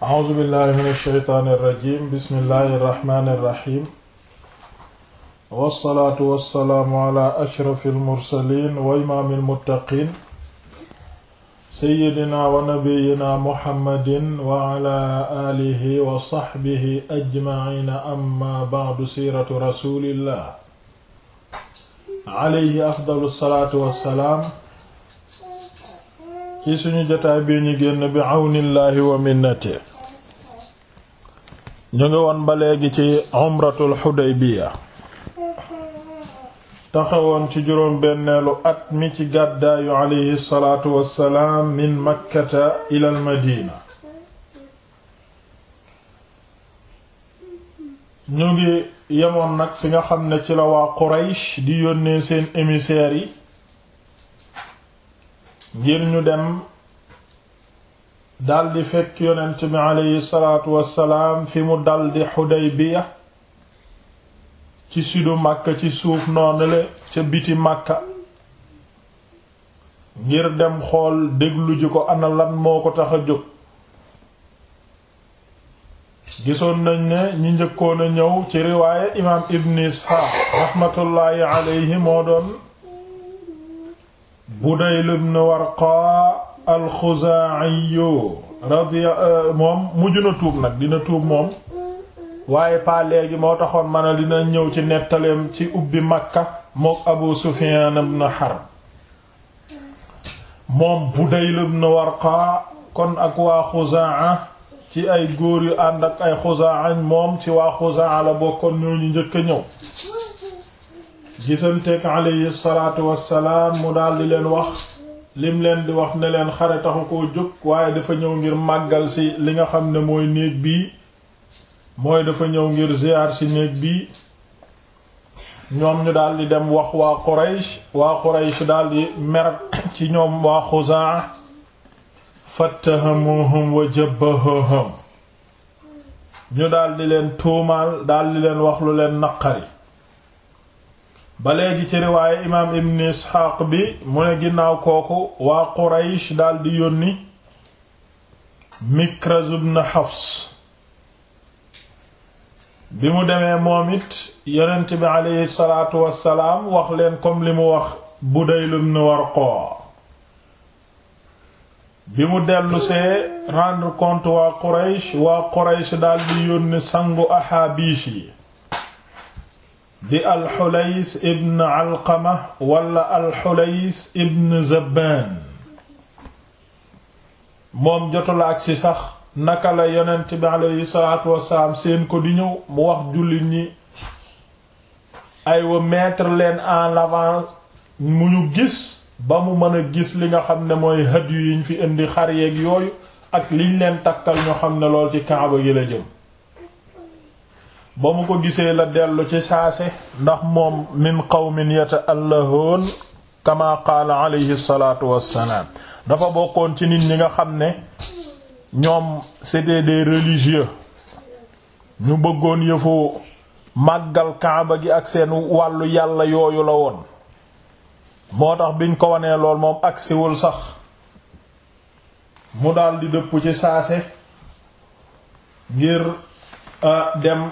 a'uuzu billahi min alsheytaani irrajim bismillahi irrahmani irrahim wassalaatu wassalaamu ala ashrafi almursalin wa imaami almuttaqin seyidina wa nabiyina muhammadin wa ala aalihi wa saxbihi ajmaciina amma bacdu siiratu rasulillah alayhi afdalu salaatu wassalaam ci suñu jotaay bi ñu génn bi awnillahi wa minnate ñu ngi woon ba léegi ci umratul Hudaybiya taxawoon ci juróom benneelu at mi ci gàddaayu alayhi salaatu wassalaam min makkata ilal madina ñu ngi yemoon nag fi nga xam ne ci la waa Quraysh di yónnee seen émissaires yi ngir ñu dem daldi fekk yonent bi aleyhi salaatu fi mu daldi Xudaybiya ci sudu Makka ci suuf noonale ca biti Makka ngir dem xool déglu ko ana lan moo ko tax a jóg gisoon nañ ne ñi njëkkoon a ñëw ci riwaaye imaam Ibn Isxaaq raxmatullaahi aleyhi moo doon Budayl ibn Warqaa alxuzaayu radiya euh, moom mujj na tuub nag dina tuub moom waaye paa léegi moo taxoon ma ne dina ñëw ci nettaleem ci ubbi makka mook abu sufiyaan ibn harb moom budayl ibn warqa kon ak waa xuzaa ci ay góor yu ànd ak ay xuzaa moom ci waa xuzaa la bokkoon ñooñu njëkk a ñëw gisanteek alayhi salaatu wassalaam mu daldi leen wax lim leen di wax ne leen xare taxu koo jóg waaye dafa ñëw ngir màggal si li nga xam ne mooy néeg bi mooy dafa ñëw ngir ziyaar si néeg bi ñoom ñu daldi dem wax waa Quraysh waa Quraysh daldi mer ci ñoom waa Xuzaa fattahamuhum wa jabbahuhum ñu daldi leen tuumaal daldi leen wax lu leen naqari ba léegi ci riwaaye imaam ibn isxaaq bi mu ne ginnaaw kooku waa quraysh daldi yónni mikraz ibn hafs bi mu demee moom it yonent bi aleyhi salaatu wassalaam wax leen comme li mu wax budayl ibn warqa bi mu dellusee rendre compte waa quraysh waa quraysh daldi yónni sangu ahaabish yi di alxulays ibn alqama wala alxulays ibn zabbaan moom jotula ak si sax naka la yonent bi aleyhi salaatu wasalaam seen ko di ñëw mu wax jullit ñi aywa mettre leen en avance mu ñu gis ba mu mën a gis li nga xam ne mooy hëdd yu ñu fi indi xar yeeg yooyu ak liñ leen takkal ñu xam ne lool ci kaaba gi la jëm ba mu ko gisee la dellu ci saase ndax moom min qawmin yata'allahoon kama qaala alayhi salaatu wassalaam dafa bokkoon ci nit ñi nga xam ne ñoom c'était des religieux ñu bëggoon yëfu màggal kaaba gi ak seen wàllu yàlla yooyu la woon moo tax biñ ko wanee lool moom agsiwul sax mu daldi dëpp ci saase ngir ah, dem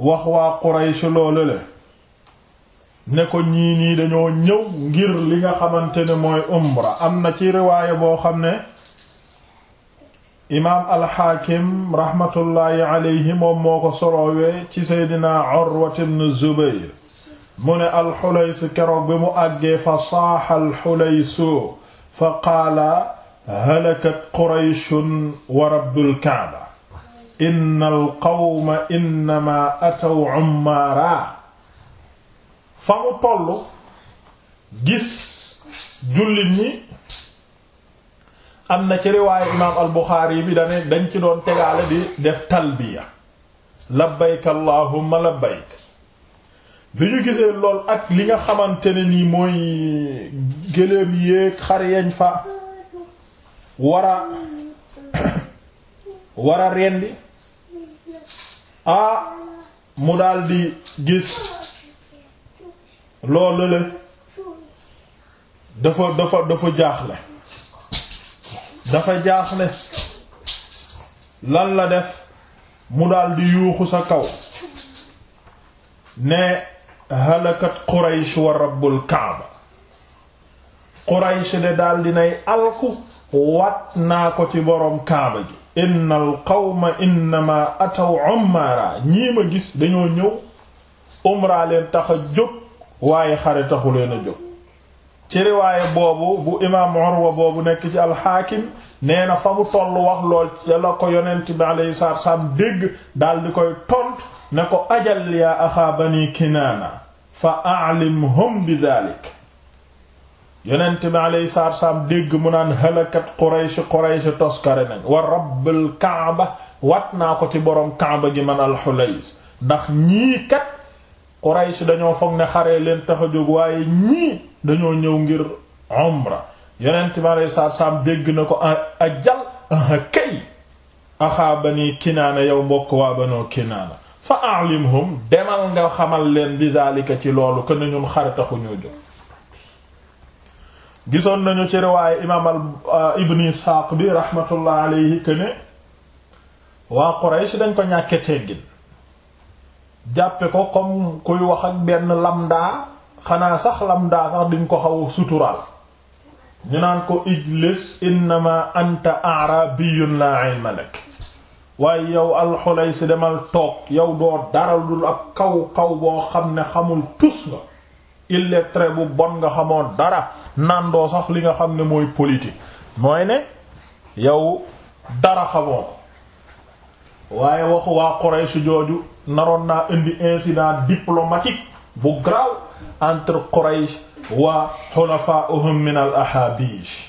wax waa Quraysh loolu le ne ko ñii nii dañoo ñëw ngir li nga xamante ne mooy umra am na ci riwaaya boo xam ne imaam alxaakim raxmatullaahi alayhi moom moo ko soloowee ci seydina Urwa ibn Zubayr mu ne alxulays keroog bi mu àggee fa saaxa alxulaysu fa qaala halakat Qurayshun wa rabbul Kaaba inna alqawma innama ataw ummaara fa mu toll gis jullit ñi am na ci riwaayu imaam albuxaari bi dane dañ ci doon tegaale di def talbiya labbayk allahumma labbayk bi ñu gisee lool ak li nga xamante ni nii mooy gëléem yéeg xar yañ fa war a rendi ah mu daldi gis loolu la dafa dafa dafa jaaxle dafa jaaxle lan la def mu daldi yuuxu sa kaw ne halakat Quraysh wa rabbul Kaaba Quraysh de daldi nay alku wat naa ko ci boroom Kaaba ji inna al qawma innama ataw umara ñii ma gis dañoo ñëw umra leen jóg waaye xare taxu a jóg ci riwaaye boobu bu imaam Urwa boobu nekk ci alxaakim nee na fa mu toll wax lool ca la ko yonent bi alayhi salaatu dégg daal koy tontu ne ko ajal yaa axaa bani kinaana fa a'limhum bi daalik yonent bi alayhi salaatu wassalaam dégg mu naan halakat Quraysh Quraysh toskare nañ wa rabbil kaaba wat naa ko ci borom kaaba gi man alxulays ndax ñii kat Quraysh dañoo foog ne xaree leen tax a jóg waaye ñii dañoo ñëw ngir umra yonent bi alayhi salaatu wassalaam dégg na ko ah, ajal ah, kay axaa bani kinaana yow mbokk waa banoo kinaana fa a'limhum demal nga xamal leen bi daalika ci loolu ko ne ñun xare taxu ñoo jóg gisoon nañu ci riwaaye imaam al uh, isxaaq bi rahmatullah alayhi que ne waa Quraysh dañ ko ñàkke teggin jàppe ko comme kuy wax ak benn lamdaa xanaa sax lamdaa sax diñ ko xaw suturaal ñu naan ko ijlis innama anta arabiyun la ilma lak waaye yow alxulaysi demal toog yow doo dara dul ab kaw kaw boo xam ne xamul tus nga illettré bu bon nga xamoo dara nandoo sax li nga xam ne mooy politique mooy ne yow dara xamoo ko waaye waxu waa Quraysh jooju naroon naa indi incident diplomatique bu grave entre Quraysh wa xulafa'uhum min al ahabish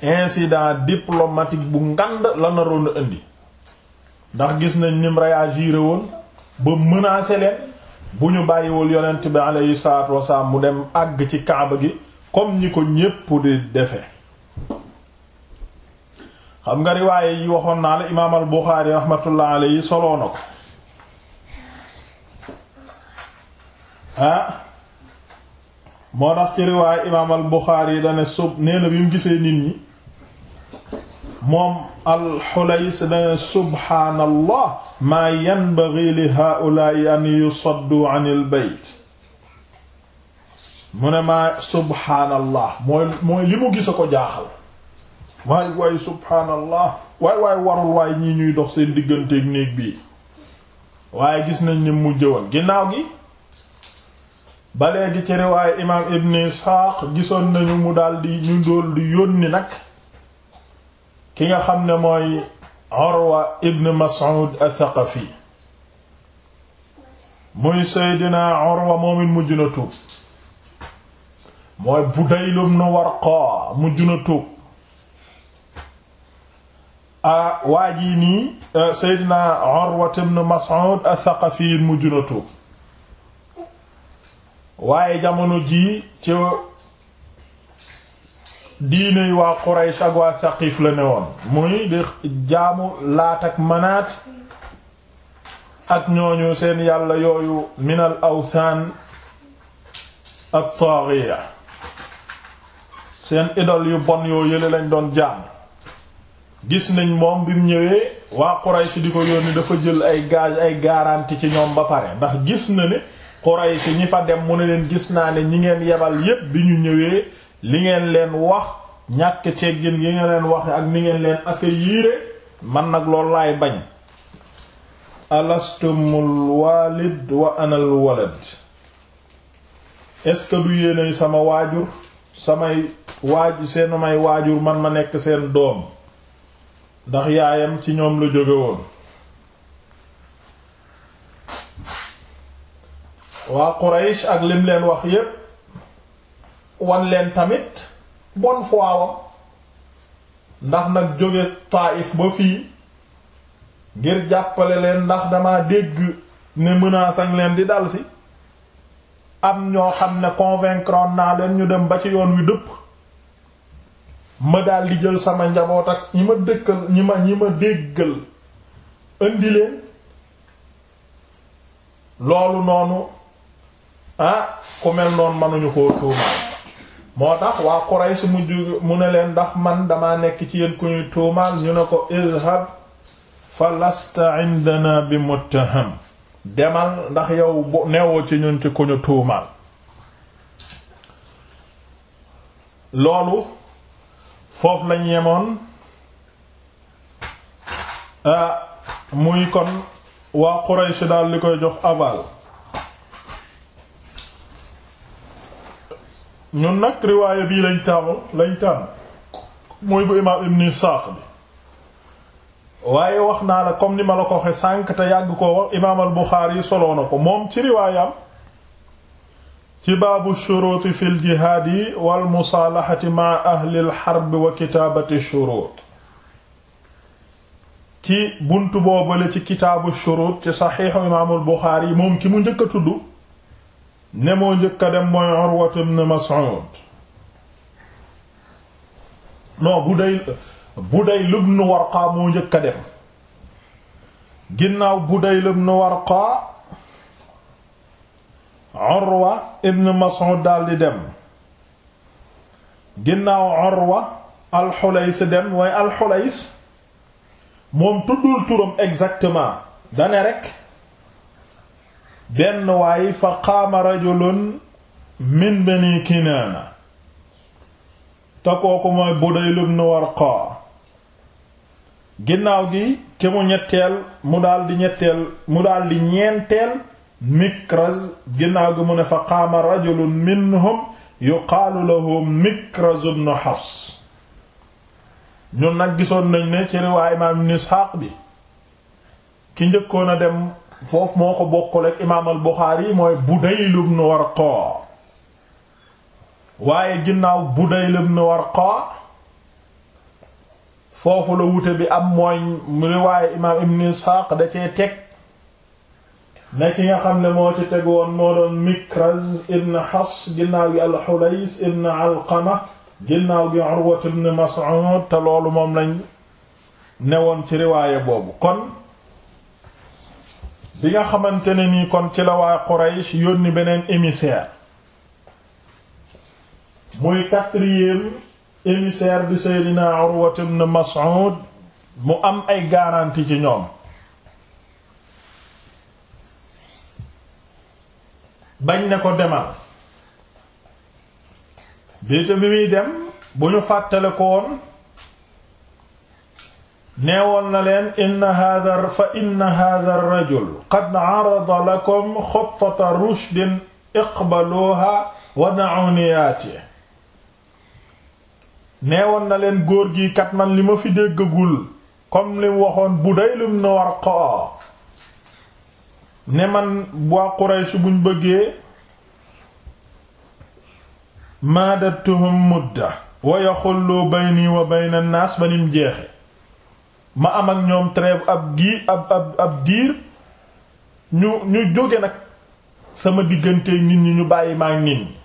incident diplomatique bu ngand la naroon a indi ndax gis nañ nim réagir woon ba menacer leen bu ñu bàyyiwul yonent bi alayhi salaatu wasalaam mu dem àgg ci kaaba gi comme ñi ko ñépp di defe xam nga riwaaye yi waxoon naa la imaam al Buxaari raxmatullah alayhi soloo ko ah moo tax ci riwaaye imaam al Buxaari sub nee bi mu gisee nit ñi moom al Hulays maa yanbaghi li haa'ulaa'i an yusaddu anil bayt mu ne maa subhaanallah mooy mooy li mu gis a ko jaaxal waay waay subhaanallah waay waay warul waay ñii ñuy dox seen digganteeg néeg bii waaye gis nañ ni mu jëwoon ginnaaw gi ba léegi ci riwaaye imaam ibn Isxaaq gisoon nañu mu daldi ñu dool di yónni nag ki nga xam ne mooy Urwa ibn Mas'ud al-Thaqafi muy Seydina Urwa moom mujj na tuub mooy budaylum nu warqa mujj na tuub a waa jii nii seydina Urwat ibn Mas'ud ath-Thaqafi waaye jamono ji ci diiney waa Quraysh ak waa Thaqif la ne woon muy di jaamu Laat ak Manaat ak ñooñu seen yàlla yooyu minal awthaan at-taaghiya seen idol yu bon yoo yële lañ doon jaam gis nañ moom bi mu ñëwee waa Quraysh di ko yónni dafa jël ay gage ay garantie ci ñoom ba pare ndax gis na ne Quraysh ñi fa dem mu ne leen gis naa ne ñi ngeen yebal yépp bi ñu ñëwee li ngeen leen wax ñàkk teggin yi ngeen leen wax ak ni ngeen leen yiire man nag loolu laay bañ alastumul walid wa anal walad est-ce que sama waajur samay waaju seen may waajur man ma nekk seen doom ndax yaayam ci ñoom la jóge woon waa Quraysh ak lim leen wax yépp wan leen tamit bon foi wam ndax nag jóge Taayif ba fii ngir jàppale leen ndax dama dégg ne menace ak leen di dal si am ñoo xam ne convaincre naa leen ñu dem ba ci yoon wi dëpp ma daal di jël sama njaboot ak ñi ma dëkkal ñi ma ñi ma déggal indi leen loolu noonu ah ku mel noonu mënuñu koo tuumaal moo tax waa Quraysh mu mujj mu ne leen ndax man dama nekk ci yéen ku ñuy tuumaal ñu ne ko izhab falasta indana bi muttaham demal ndax yow bo neewoo ci ñun ci ku ñu tuumaal loolu foofu lañ yemoon ah muy kon waa Quraysh daal li koy jox aval ñun nag riwaaya bii lañ taamu lañ tàmm muy bu imaam Ibn Isaaq bi waaye wax naa la comme ni ma la ko waxee sànq te yàgg koo wax imaam al Buxaari soloo na ko moom ci riwaayam ci baabu shuruuti fi l jihaadi wal musaalahati maa ahli al harb wa kitaabati shuruut ci buntu boobale ci kitaabu shuruut ci saxiixu imaamul Buxaari moom ki mu njëkk a tudd ne moo njëkk dem mooy Urwatu ibn Mas'ud non bu day Budayl ibn Warqa moo njëkk a dem ginnaaw Budayl ibn Warqa Urwa ibn Mas'ud daldi dem ginnaaw Urwa al-Hulays dem waaye al moom tuddul turam exactement dane rekk benn waay fa qaama rajulun min Bani Kinaana te kooku mooy Budayl ibn Warqa ginnaaw gi ke mu ñetteel mu daldi ñetteel mu daldi ñeenteel mikraz ginnaaw gi mu ne fa qaama rajulun minhum yuqaalu lahu mikraz ibn hafs ñun nag gisoon nañ ne ci riwaay imaam ibn isxaaq bi ki njëkkoon a dem foofu moo ko bokkul ak buxaari mooy budayl ibn warqa waaye ginnaaw budayl ibn warqa foofu la wute bi am mooy riwaaye imaam ibn Isxaaq da cee teg ne ki nga xam ne moo ci teg woon moo doon Mikraz ibn Hafs ginnaaw gi al-Hulays ibn Alqama ginnaaw gi Urwa ibn Mas'ud te loolu moom lañ ne woon ci riwaaye boobu kon bi nga xamante ne nii kon ci la waa Quraysh yónni beneen émissaire muy quatrième émissaire bi Seydina Urwa ibn Mas'ud mu am ay garantie ci ñoom bañ ne ko demal biita bi muy dem bu ñu fàttale ko woon neewoon na leen inna hadha fa inna hadha ar-rajul qad 'arada lakum khuttata rushdin iqbaluha wa da'u niyatihi neewoon na leen góor gi kat man li ma fi déggagul comme li mu waxoon Budaylum na war ko ne man waa Quraysh buñ bëggee maadattuhum mudda wa yaxullu bayni wa bayna naas ba nim jeexe ma am ak ñoom trêve ab gii ab ab ab diir ñu ñu jóge nag sama diggante nit ñi ñu bàyyi maa ngi ñi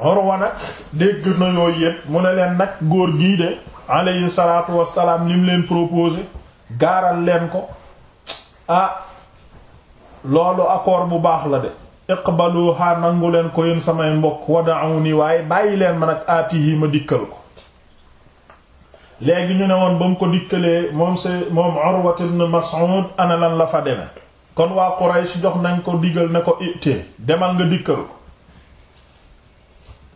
Urwa nag dégg na yooyu yëpp mu ne leen nag góor gii de alayhi salaatu wassalaam li mu leen proposé gaaral leen ko ah loolu accord bu baax la de iqbaluha nangu leen ko yéen samay mbokk wada'uni waaye bàyyi leen ma nag aatihi ma dikkal ko léegi ñu ne woon ba mu ko dikkalee moom se moom Urwa ibn Mas'ud lan la fa deme kon waa Quraysh jox nañ ko digal ne ko ittee demal nga dikkal ko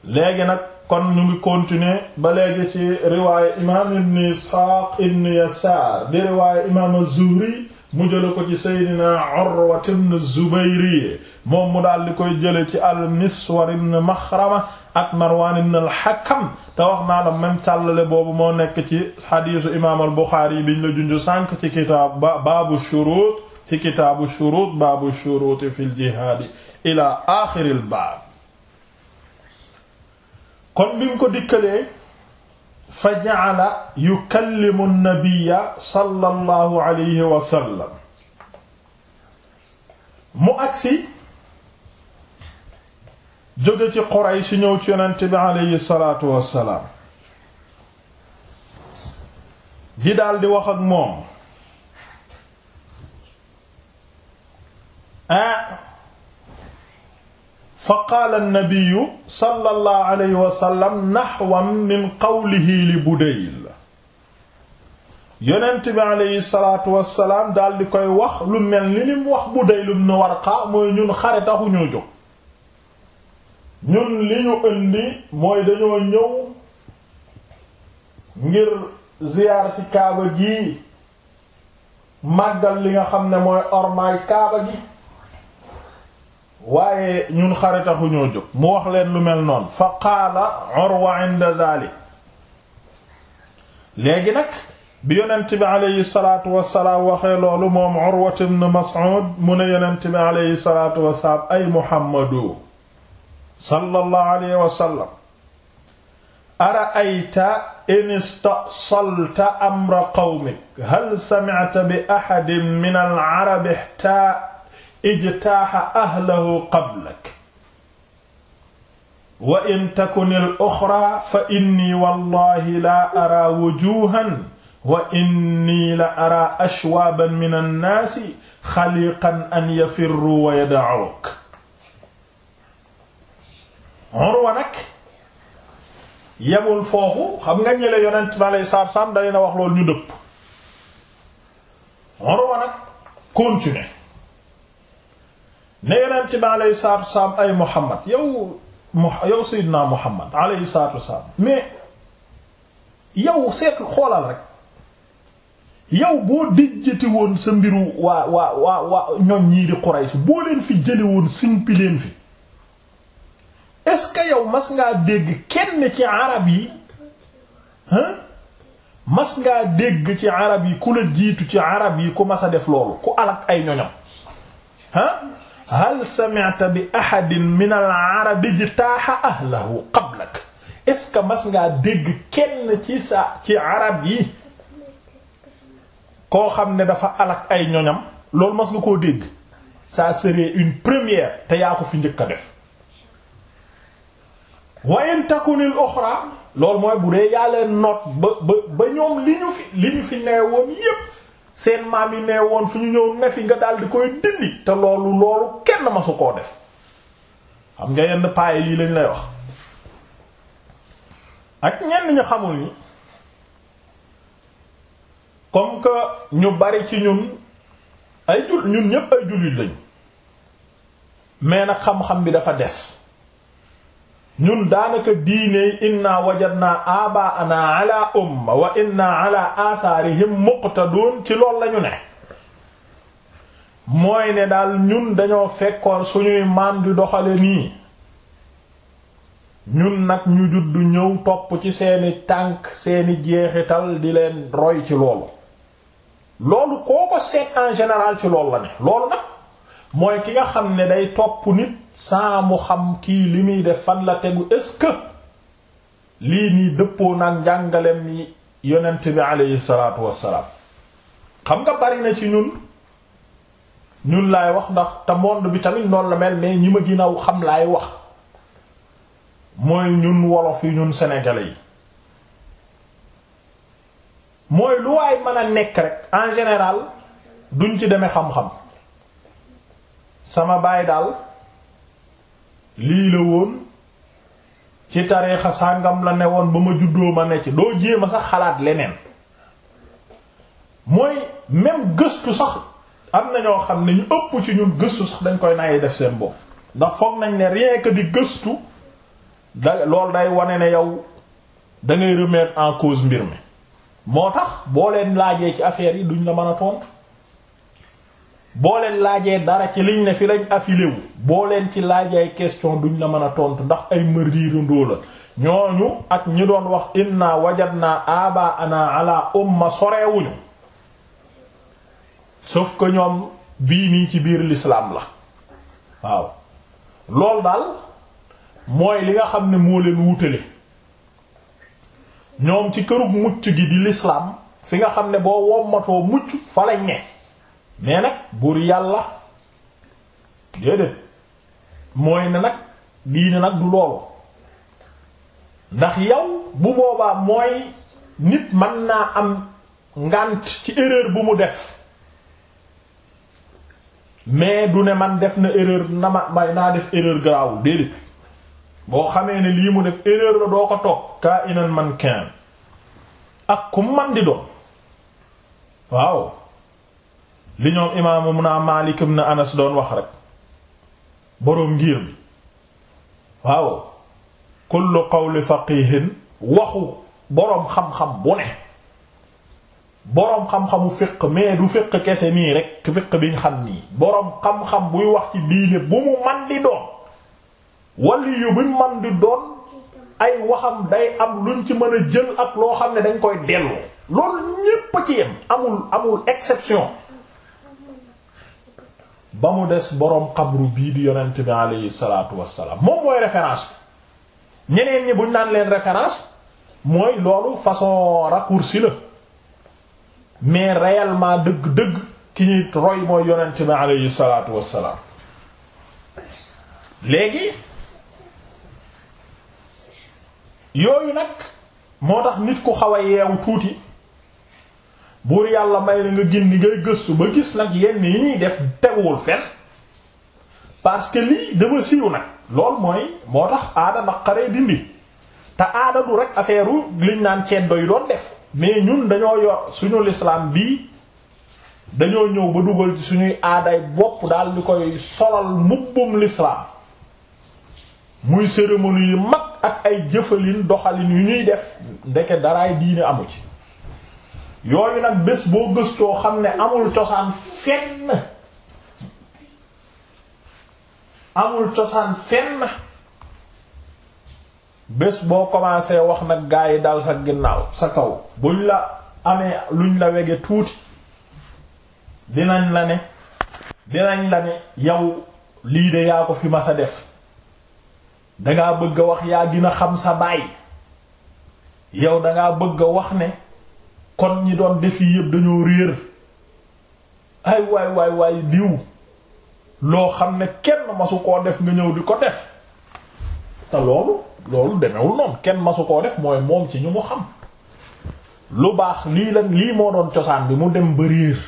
léegi nag kon ñu ngi continuer ba léegi ci riwaaya imaam ibn Isxaaq ibn Yasaar di riwaaya imaam az-Zuhri mu jële ko ci seydina Urwa ibn Zubayr moom mu daal di koy jële ci al-Miswar ibn Maxrama ak Marwaan ibn al-Hakam te wax naa la même càllale boobu moo nekk ci xadiisu imaam al-Buxaari biñ la junj sànq ci kitaab baabu shuruut ci kitaabu shuruut baabu shuruut fil jihaad ila aaxiril baab kon bi mu ko dikkalee fa ja'ala yukallimu nabiyya sallallahu alayhi wa sallam mu agsi jóge ci Quraysh ñëw ci yonent bi alayhi salaatu wassalaam di daldi wax ak moom ah fa qaala nabiyu sallallahu alayhi wa sallam naxwan min qawlihi li Budayl yonent bi aleyhi salaatu wassalaam daal di koy wax lu mel ni lim wax Budayl ibn Warqa mooy ñun xare taxu ñoo ñun li ñu indi mooy dañoo ñëw ngir ziyaar ci kaaba gi màggal li nga xam ne mooy ormaay kaaba gi waaye ñun xare taxu ñoo jóg mu wax leen lu mel noonu fa qaala Urwa inda zalik léegi nag bi yonent bi aleyhi salaatu wasalaam waxee loolu moom Urwa ibn Mas'ud mu ne yonent bi aleyhi salaatu wasalaam ay Muhammadu sallallahu alayhi wa sallam ara'ayta in istasalta amra qawmik hal sami'ta bi ahadin min al-arab ihta ijtaaxa ahlahu qablak wa in takun al-uxraa fa inni wallaahi laa araa wujuuhan wa inni la araa ashwaaban min annaasi xaliqan an yafirruu wa yada'uuk Urwa nag yemul foofu xam nga ñële yonent ma lay saar saam dalee na wax loolu ñu dëpp Urwa nag continuer ne yonent bi alayhi salaatu wasalaam ay Muhammad yow yow Seydina Muhammad alayhi salaatu wasalaam mais yow seetu xoolal rek yow boo déjjati woon sa mbiru waa waa waa waa ñoom ñii di Quraysh boo fi jële woon fi est-ce que yow mas ngaa dégg kenn ci arab yi mas ngaa dégg ci arab yi ku jiitu ci arab yi ku mas a def loolu alak ay ñoñam hal sami'ta bi ahadin min al arabi jtaaha ahlahu qablak est-ce que mas ngaa dégg kenn ci sa ci arab yi koo xam ne dafa alak ay ñoñam loolu mas nga koo dégg ça serait une première te yaa ko fi njëkk a def wa in takun al ukhra loolu mooy bu dee yàlla noot ba ba ba ñoom li ñu fi li ñu fi newoon yépp seen maam yi ne woon su ñu ñëw ne fi nga daal di koy dindi te loolu loolu kenn masu koo def xam nga yenn paaye lii lañ lay wax ak ñenn ñu xamul ni comme que ñu bari ci ñun ay jul ñun ñépp ay jullit lañ mais nag xam-xam bi dafa des ñun daanaka diine inna wajadna abaana ala umma wa inna ala atharihim muqtadun ci lool lañu ne mooy ne daal ñun dañoo fekkoon suñuy maam di doxale nii ñun nag ñu judd ñëw topp ci seeni tànk seeni jeexital di leen roy ci loolu loolu koo ko seet en général ci loolu la ne loolu nag mooy ki nga xam ne day topp nit sans mu xam kii li muy def fan la tegu est-ce que lii nii dëppoo nag njàngalem yi yonent bi aleyhi salaatu wassalaam xam nga bari na ci ñun ñun laay wax ndax te monde bi tamit noonu la mel mais ñi ma gën a xam laay wax mooy ñun wolof yi ñun senegale yi mooy lu waay mën a nekk rek en général duñ ci deme xam-xam sama baay daal lii la woon ci tariixa sàngam la ne woon ba ma juddoo ma ne ci doo jéem a sax xalaat leneen mooy même gëstu sax am na ñoo xam ne ñu ëpp ci ñun gëstu sax dañ koy nay def seen bopp ndax foog nañ ne rien que di gëstu da loolu day wane ne yow da ngay en cause mbir mi moo tax boo leen laajee ci affaire yi duñ la mën a tontu. boo leen laajee dara ci liñ ne fi lañ affilé wu boo leen ci laajee ay duñ la mën a tontu ndax ay mariirandoo la ñooñu ak ñi doon wax inna naa aba naa ala umma sorewuñu sauf que ñoom bii nii ci biir lislaam la waaw loolu daal mooy li nga xam ne moo leen wutale ñoom ci kërug mucc gi di l'islam fi nga xam ne boo wommatoo mucc fa lañ ne mais nag buur yàlla déedéet mooy ne nag diine nag du loolu ndax yow bu boobaa mooy nit man naa am ngànt ci erreur bu mu def mais du ne man def na erreur na may naa def erreur garaaw déedéet boo xamee ne lii mu def erreur la doo ko toog kaa inan man kenn ak ku man di doon waaw li ñoom imaamu mun a Maalik ibn Anas doon wax rek boroom ngir bi waaw kullu qawli faqihin waxu boroom xam-xam bu ne boroom xam-xamu fiq mais du fiq kese nii rek fiq biñ xam nii boroom xam-xam buy wax ci diine bu mu man di doon wali yu man di doon ay waxam day am luñ ci mën a jël ak loo xam ne dañ koy delloo loolu ñépp a ci yem amul amul exception ba mu des borom xabru bii di yonent bi aleyhi salaatu wassalaam moom mooy référence bi ñeneen ñi buñ naan leen référence mooy loolu façon raccourci la mais réellement dëgg-dëgg ki ñuy roy mooy yonent bi aleyhi salaatu wassalaam léegi yooyu nag moo tax nit ku xaw yeewu tuuti buur yàlla may na nga gindi ngay gëstu ba gis nag yenn yi ñuy def teguwul fen parce que lii dama siiw nag lool mooy moo tax aada naqaree dindi te aada du rek affaire liñ naan ceddo yi doon def mais ñun dañoo yor suñu lislaam bii dañoo ñëw ba dugal ci suñuy aaday bopp daal di koy solal mubbum lislaam muy cérémonie yi mag ak ay jëfalin doxalin yu ñuy def ndeke daraay diine amu ci yooyu nag bés boo gëstoo xam ne amul cosaan fenn amul cosaan fenn bés boo commencé wax nag gaa yi daal sa ginnaaw sa kaw buñ la amee luñ la wege tuuti dinañ la ne dinañ la ne yow lii de yaa ko fi ma sa def dangaa bëgg a wax yaa dina xam sa baay yow dangaa bëgg a wax ne kon ñi doon def yi yëpp dañoo réer ay waay waay waay diw loo xam ne kenn masu koo def nga ñëw di ko def te loolu loolu demewul noonu kenn masu koo def mooy moom ci ñu mu xam lu baax lii lan lii moo doon cosaan bi mu dem ba réer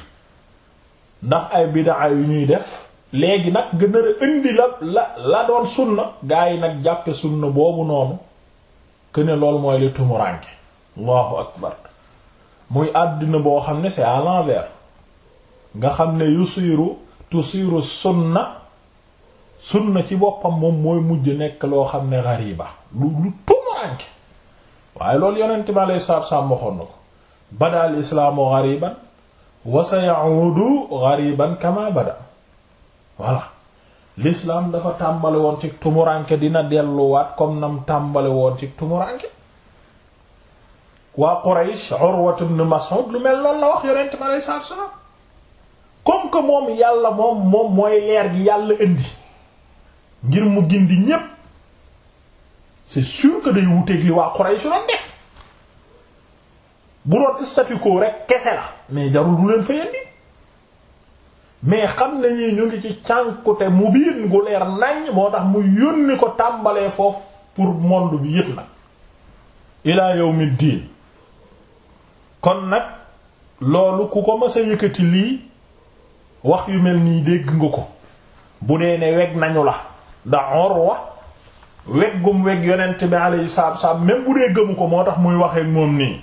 ndax ay bidaa yu ñuy def léegi nag gën a indi la la la doon sunna gaa yi nag jàppe sunna boobu noonu que ne loolu mooy li tumuranke allahu akbar muy àddina boo xam ne c'est à nga xam ne yusiru tusiru sunna sunna ci boppam moom mooy mujj nekk loo xam ne gariba lu lu tumaranke waaye loolu yonent bi alei salatu salaam waxoon na ko bada islaamu gariban wa sa ya'udu gariban kama bada dafa tàmbale woon ci tumuranke dina delluwaat comme nam tàmbali woon ci tumuranke waa Quraysh Urwa ibn lu mel loolu la wax yonent bi aleyhi salaatu wa salaam comme que moom yàlla moom moom mooy leer gi yàlla indi ngir mu gindi ñépp c'est sûr que day wuteeg li waa Quraysh rek kese la mais jarul du leen fa yendi mais xam nañu ñu ngi ci cànkute mu biir gu leer nañ moo tax mu yónni ko tàmbalee foofu pour monde bi yépp nag ilaa yawmi diin kon nag loolu ku ko mës a yëkkati lii wax yu mel nii dégg nga ko bu dee ne weg nañu la da Urwa weggum weg yonent bi alayhi salaatu wasallam même bu dee gëmu ko moo tax muy waxee moom nii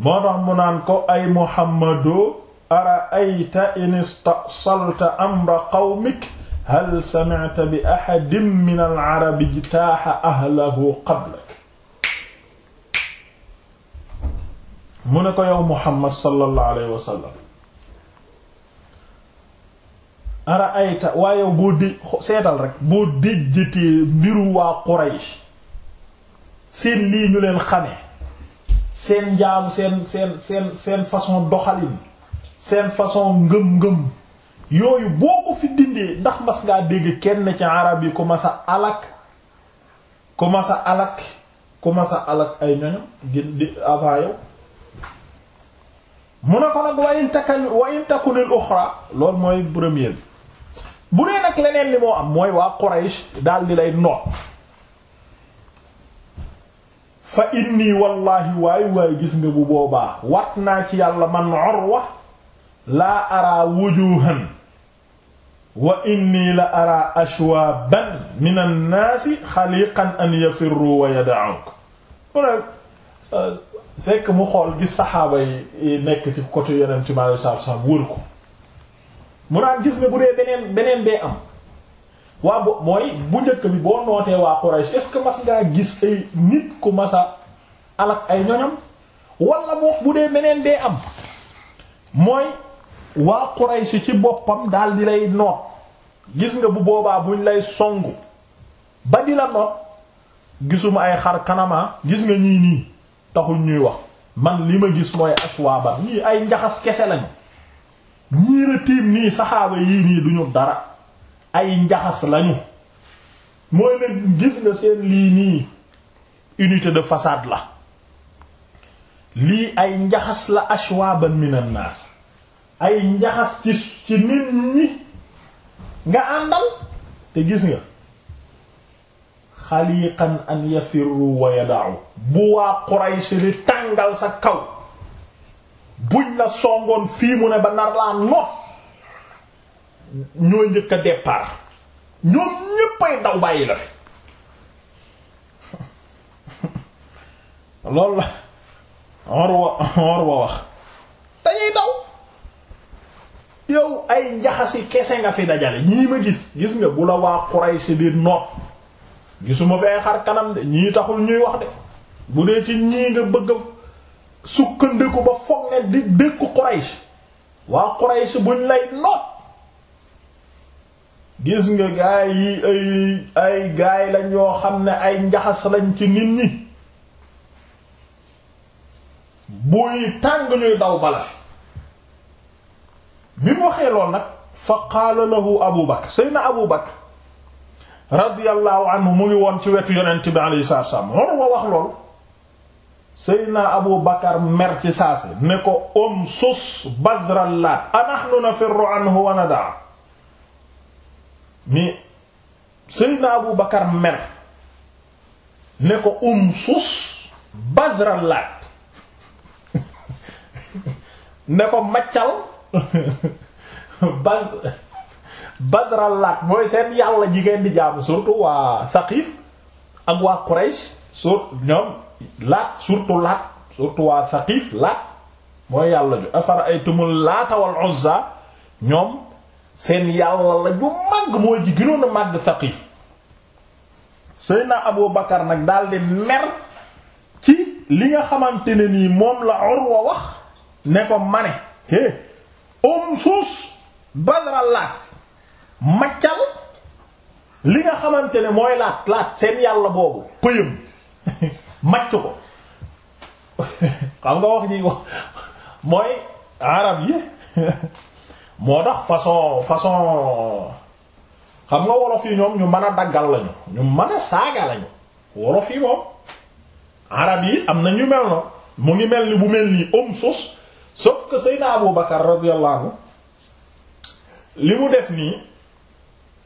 moo tax mu naan ko ay Muhammadu ara'ayta in istasalta amra qawmik hal sami'ta bi ahadin min al-arabi jtaaha ahlahu qabla mu ne ko yow muhammad sallallahu alayhi wa sallam ara waa yow boo dé seetal rek boo déjjatee mbiru waa Quraysh seen lii ñu leen xame seen njaamu seen seen seen seen façon doxalin seen façon ngëm-ngëm yooyu boo ko fi dindee ndax mas ngaa dégg kenn ci arab yi ku mas a alak ku mas a alak ku mas a alak ay ñoño di avant yow mu ne ko nag wa in takal wa in takunil uxra loolu mooy premier bi bu dee nag leneen li moo am mooy waa Quraysh daal di lay noot fa inni wallahi waay waay gis nga bu boobaa wat naa ci yàlla man Urwa laa araa wujuhan wa inni la araa ashwaaban min annaasi xaliqan an yafirru wa yada'uk fekk mu xool gis saxaaba yi nekk ci côté yonent ci maalo saab gis ne bu dee beneen beneen bee am waa bo mooy bu njëkk bi boo nootee waa Quraysh est-ce que mas ngaa gis ay nit ku masa alak ay ñoñam wala boox bu dee beneen bee am mooy waa Quraysh ci boppam daal di lay noot gis nga bu boobaa buñ lay songu ba di la noot gisuma ay xar kanama gis nga ñii nii taxul ñuy wax man li ma gis mooy ashwaaban ñii ay njaxas kese lañu ñii la nii saxaaba yii nii duñu dara ay njaxas lañu mooy ne gis nga seen lii nii unité de façade la lii ay njaxas la ashwaaban minan naas ay njaxas ci ci nit ñi nga àndal te gis nga xaliqan an yafirru wa bu waa Quraysh li tàngal sa kaw buñ la songoon fii mu ne ba nar laa noot ñoo njëkk a ñoom ñéppay daw bàyyi la fi loolu la Urwa Urwa wax dañuy daw yow ay njaxasi kese nga fi dajale ñii ma gis gis nga bu la waa Quraysh di noot gisuma fee xar kanam de ñii taxul ñuy wax de bu dee ci ñii nga bëgg a sukkandiku ba foog ne di dëkku Quraysh waa Quraysh buñ lay noot gis nga gaay yi ay ay gaay lañ yoo xam ne ay njaxas lañ ci nit ñi buy tàng ñuy daw bala fi bi mu waxee lool nag fa qaala lahu Abu Bakr sëy na Abu Bakr radiyallahu anhu mu ngi woon ci wetu yonent bi alayhi salaatu wa salaam Urwa wax lool Seydina Abu Bakar mer ci saase ne ko um sus badral laat anahnu nafirru anhu wa nadaa mi Abu Bakar mer ne ko um badral laat ne ko maccal bad badral laat mooy seen yàlla ji ngeen di jaamu surtout waa Saqif ak waa Quraysh surtout ñoom laat surtout laat surtout waa Saqif laat mooy yàlla ju afara ay tumul laata wal Uzza ñoom seen yàlla la ju màgg mooy ji gënoon a màgg Seyna Abu Bakar nag daal di mer ci li nga xamante ne nii moom la Urwa wax ne ko ma ne é om um suus badral laat maccal li nga xamante ne mooy laat laat seen yàlla boobu pëyam macc ko xam nga wax ñi mooy arab yi moo tax façon façon xam nga wolof yi ñoom ñu mën a daggal lañu ñu mën a saaga lañu wolof yi moom arab yi am na ñu mel na mu ngi mel ni bu mel nii homme sos sof que Seydina Abu Bakar li mu def nii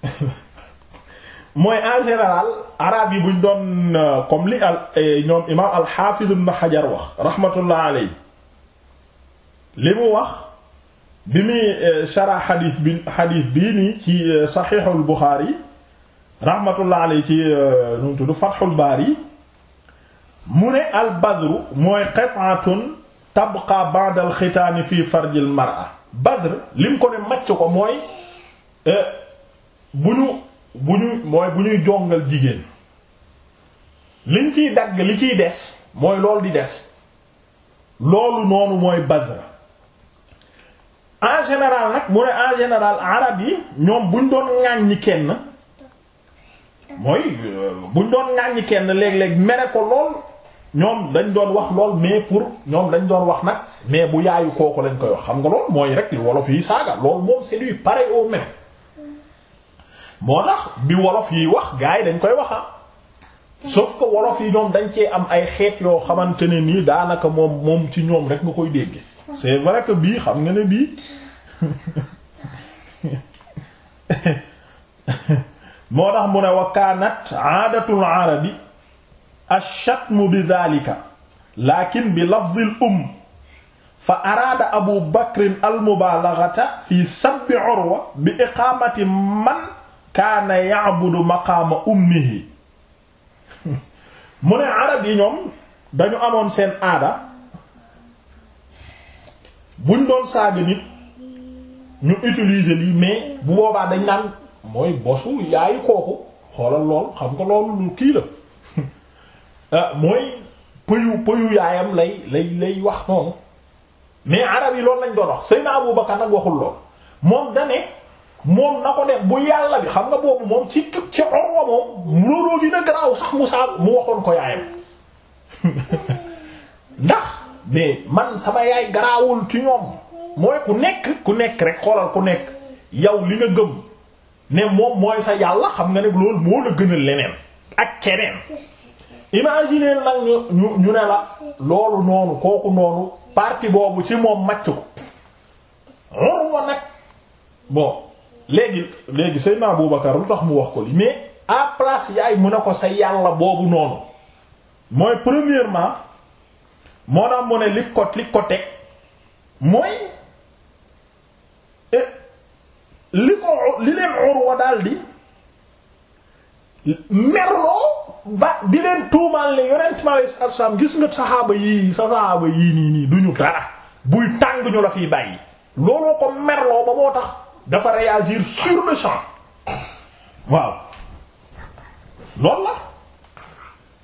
mooy en général arabe yi buñ doon euh, comme li al euh, ñoom imaam al-Hafiz ibn Hajar wax rahmatullah alayhi li mu wax bi muy euh, shara xadiis bi xadiis bii nii ci saxiixul Buxaari rahmatullah alayhi ci nu mu tudd Fathul Baari mu ne al-badru mooy qit'atun tabqa ba'da al-xitaani fi farjil mar'a badr lim ko ne màcc ko mooy. bu ñu bu ñu mooy bu ñuy jongal jigéen liñ ciy dagg li ciy des mooy loolu di des loolu noonu mooy Badr en général nag mu ne en général arab yi ñoom buñ doon ŋàññi kenn mooy euh, buñ doon ŋàññi kenn léeg-léeg mere ko lool ñoom dañ doon wax lool mais pour ñoom dañ doon wax nag mais bu yaayu kooku lañ koy wax xam nga lool mooy rek li wolof yi saaga lool moom c'est du pareil au moo tax bi wolof yiy wax gaa yi dañ koy waxa ah. sauf ko wolof yi ñoom dañ cee am ay xeet yoo xamante ne nii daanaka moom moom ci ñoom rek nga koy dégg c'est vrai que bii xam nga ne bii moo tax mu ne wa kaanat aadatul arabi ash-shatmu bi dhalika lakin bi lafdhil um fa araada abu bakrin fi sabbi urwa bi iqaamati man kaana ya'budu maqaama ummihi mu ne arab yi ñoom dañu amoon seen aada buñ doon saaga nit ñu utiliser lii mais bu boobaa dañ naan mooy bosu yaayu kooku xoolal lool xam nga loolu lu kii la ah mooy pëyu pëyu yaayam lay lay wax noonu mais arab yi loolu lañ doon wax Seydina Abu Bakar nag waxul lool moom dane moom na ko def bu yàlla bi xam nga boobu moom ci ci orwa moom looloo dina garaaw sax mu saal mu waxoon ko yaayam ndax mais man sama yaay garaawul ci ñoom mooy ku nekk ku nekk rek xoolal ku nekk yow li nga gëm ne moom mooy sa yàlla xam nga ne loolu moo la gënal leneen ak keneen imaginer nag ñu ñu ne la loolu noonu kooku noonu parti boobu ci moom màcc ko orwa nag bon léegi léegi Seydina Aboubacar lu tax mu wax ko li mais à place yaay mu ne ko sa yàlla boobu noonu mooy premièrement moo tax mu ne li ko li ko teg mooy eh, li ko li leen Urwa daal di merloo ba di leen tuumaal ne yonent ma alayhi salaam gis nga saxaaba yii sa saxaaba yii nii nii duñu dara buy tàng ñu la fiy bàyyi looloo ko merloo ba moo tax. dafa réagir sur le champ waaw loolu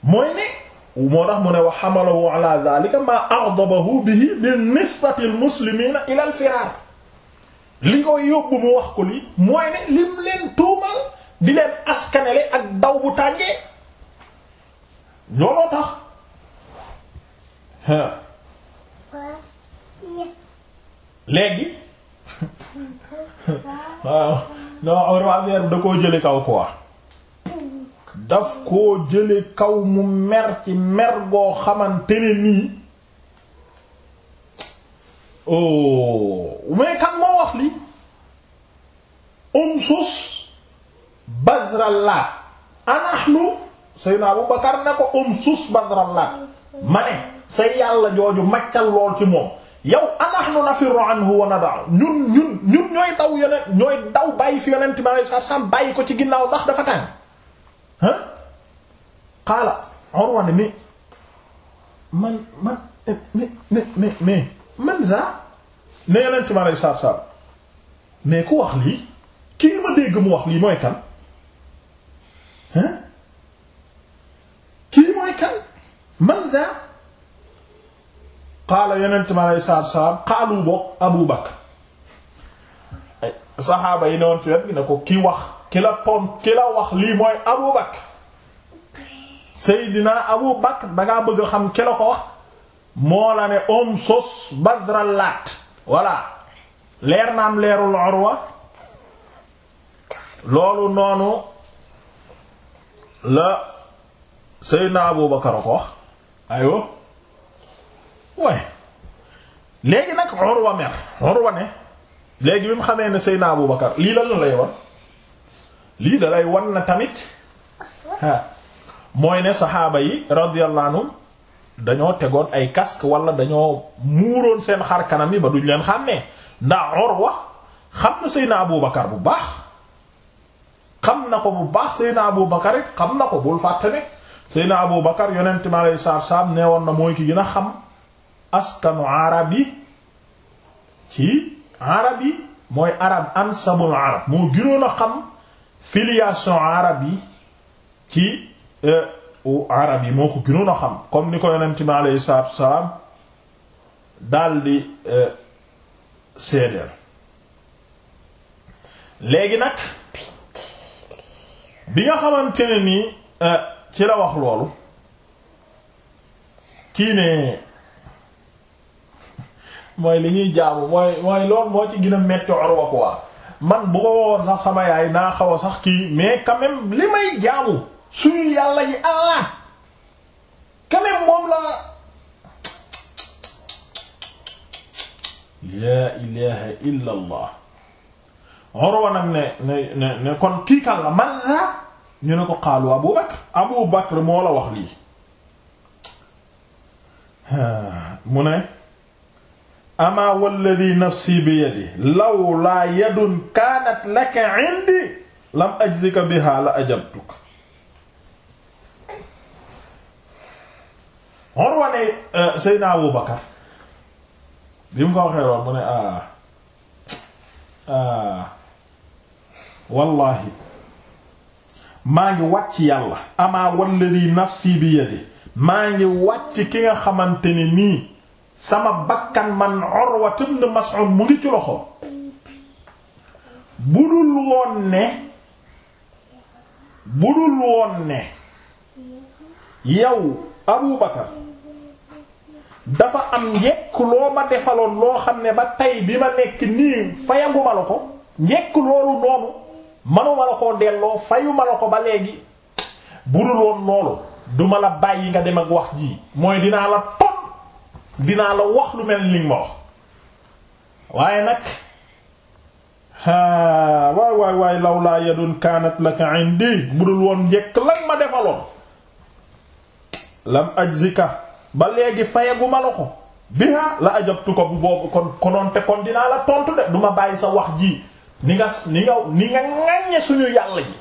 mooy ne moo tax mu ne wa hamalahu ala dhalika ma aghdabahu bihi bi nisbati al muslimina ila al firar li koy mu wax ko lii mooy ne lim leen tuumal di leen askanele ak daw bu tàngee looloo tax léegi waaw non Urwa da koo jële kaw quoi daf koo jële kaw mu mer ci mer goo xamante ne nii oh mais kan moo wax li um sus badrallaat anahnu sayna Abu Bakar na ko um sus badrallaat ma ne say yàlla jooju maccal lool ci moom yow anahnu nafirru anhu wa nada'u ñun ñun ñun ñooy daw yonent ñooy daw bàyyi fi yonent bi alayhi salaam bàyyi ko ci ginnaaw ndax dafa tàng ha qaala Urwa ne mais man man mais mais mais man za ne yonent bi alayhi salaam mais ku wax lii kii ma dégg mu wax lii mooy kan ha kii mooy kan man za qaala yonent mi salaam qaalu bokk Abu Bakr saxaaba yi ne woon wet gi ne ko ki wax ki la toon ki la wax lii mooy Abu Bakr Seydina Abu Bakr dangaa bëgg xam ki la ko wax moo la ne om sos badra laat voilà leer naam leerul Urwa loolu noonu la Seydina Abu Bakr a wax aywa waaye léegi nag Urwa mer Urwa ne léegi bi mu xamee ne Seydina Abu Bakar lii lan la lay wan lii dalay wan na tamit ah mooy ne saxaaba yi radiyallahu anhum dañoo tegoon ay casque wala dañoo muuroon seen xar kanam yi ba duñ leen xàmmee ndax Urwa xam na Seydina Abu bu baax xam na ko bu baax Seydina Abu Bakar xam na ko bul fàtte ne Seydina Abu Bakar yonent mi alayhi salaam nee na mooy ki gën a xam. askanu arab yi ci arab yi mooy arab ansabul arab moo gënoon a xam filiation arab yi ci euh, arab yi moo ko gënoon a xam comme ni ko yonent bi aleyhi salaatu wasalaam daldi euh, seedeel léegi nag bi nga xamante ne nii euh, ci la wax loolu kii ne mooy li ñuy jaamu mooy mooy loolu moo ci gën a métti orwa quoi man bu ko wowoon sax sama yaay naa xaw a sax kii mais quand même li may jaamu suñu yàlla yi la laa ilaha illa allah ne kon kii kan la man la ñu ne ko xaalu Abu Bakr Abu Bakr moo la wax lii mu ne amaa walladi nafsi bi yadi law laa yadun kaanat laka indi lam ajzika biha la ajabtuka hor wane eh, Seydina Abu Bakar bi mu ko waxee lool mu ne ah ah wallahi maa ngi wàcc yàlla amaa walladi nafsi bi yadi maa ngi wàcc ki nga xamante ni nii sama bakkan man Urwa ibn Mas'ud mu ngi ci bu dul woon ne bu ne yow Abu dafa am njekk loo ma defaloon loo xam ne ba tey bi ma nekk nii fayaguma la ko njekk loolu noonu manuma la koo delloo fayuma la ko ba léegi bu dul woon loolu duma la bàyyi nga dem ak wax ji mooy dinaa la dinaa la wax lu mel ni ma wax waaye nag haa waay waay waay lawlaa yadun kaanat laka indi budul woon njëkk lan ma defaloon lam ajzika ba léegi fayaguma la ko biha la ajabtu ko bu boobu kon kononte kon dinaa la tontu de duma bàyyi sa wax ji ni nga ni nga ni nga ŋàññe suñu yàlla ji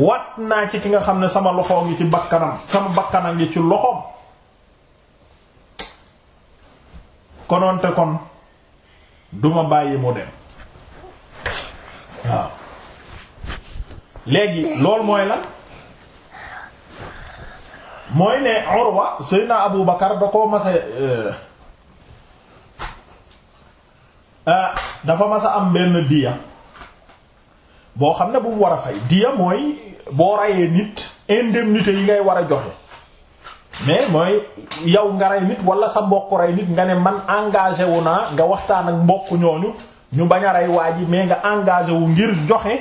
wat naa ci ki nga xam ne sama loxo ngi ci bakkanam sama bakkanam ngi ci loxoom kononte kon duma bàyyi mu dem waaw léegi loolu mooy la mooy ne Urwa Seydina Abu Bakar da koo masa euh, euh, dafa masa am benn diya boo xam ne bu mu war a fay diya mooy boo rayee nit indemnité yi ngay war a joxe mais mooy yow nga rey nit wala sa mbokk rey nit nga ne man engagé wu naa nga waxtaan ak mbokk ñooñu ñu bañ a rey waa ji mais nga engagé wu ngir joxe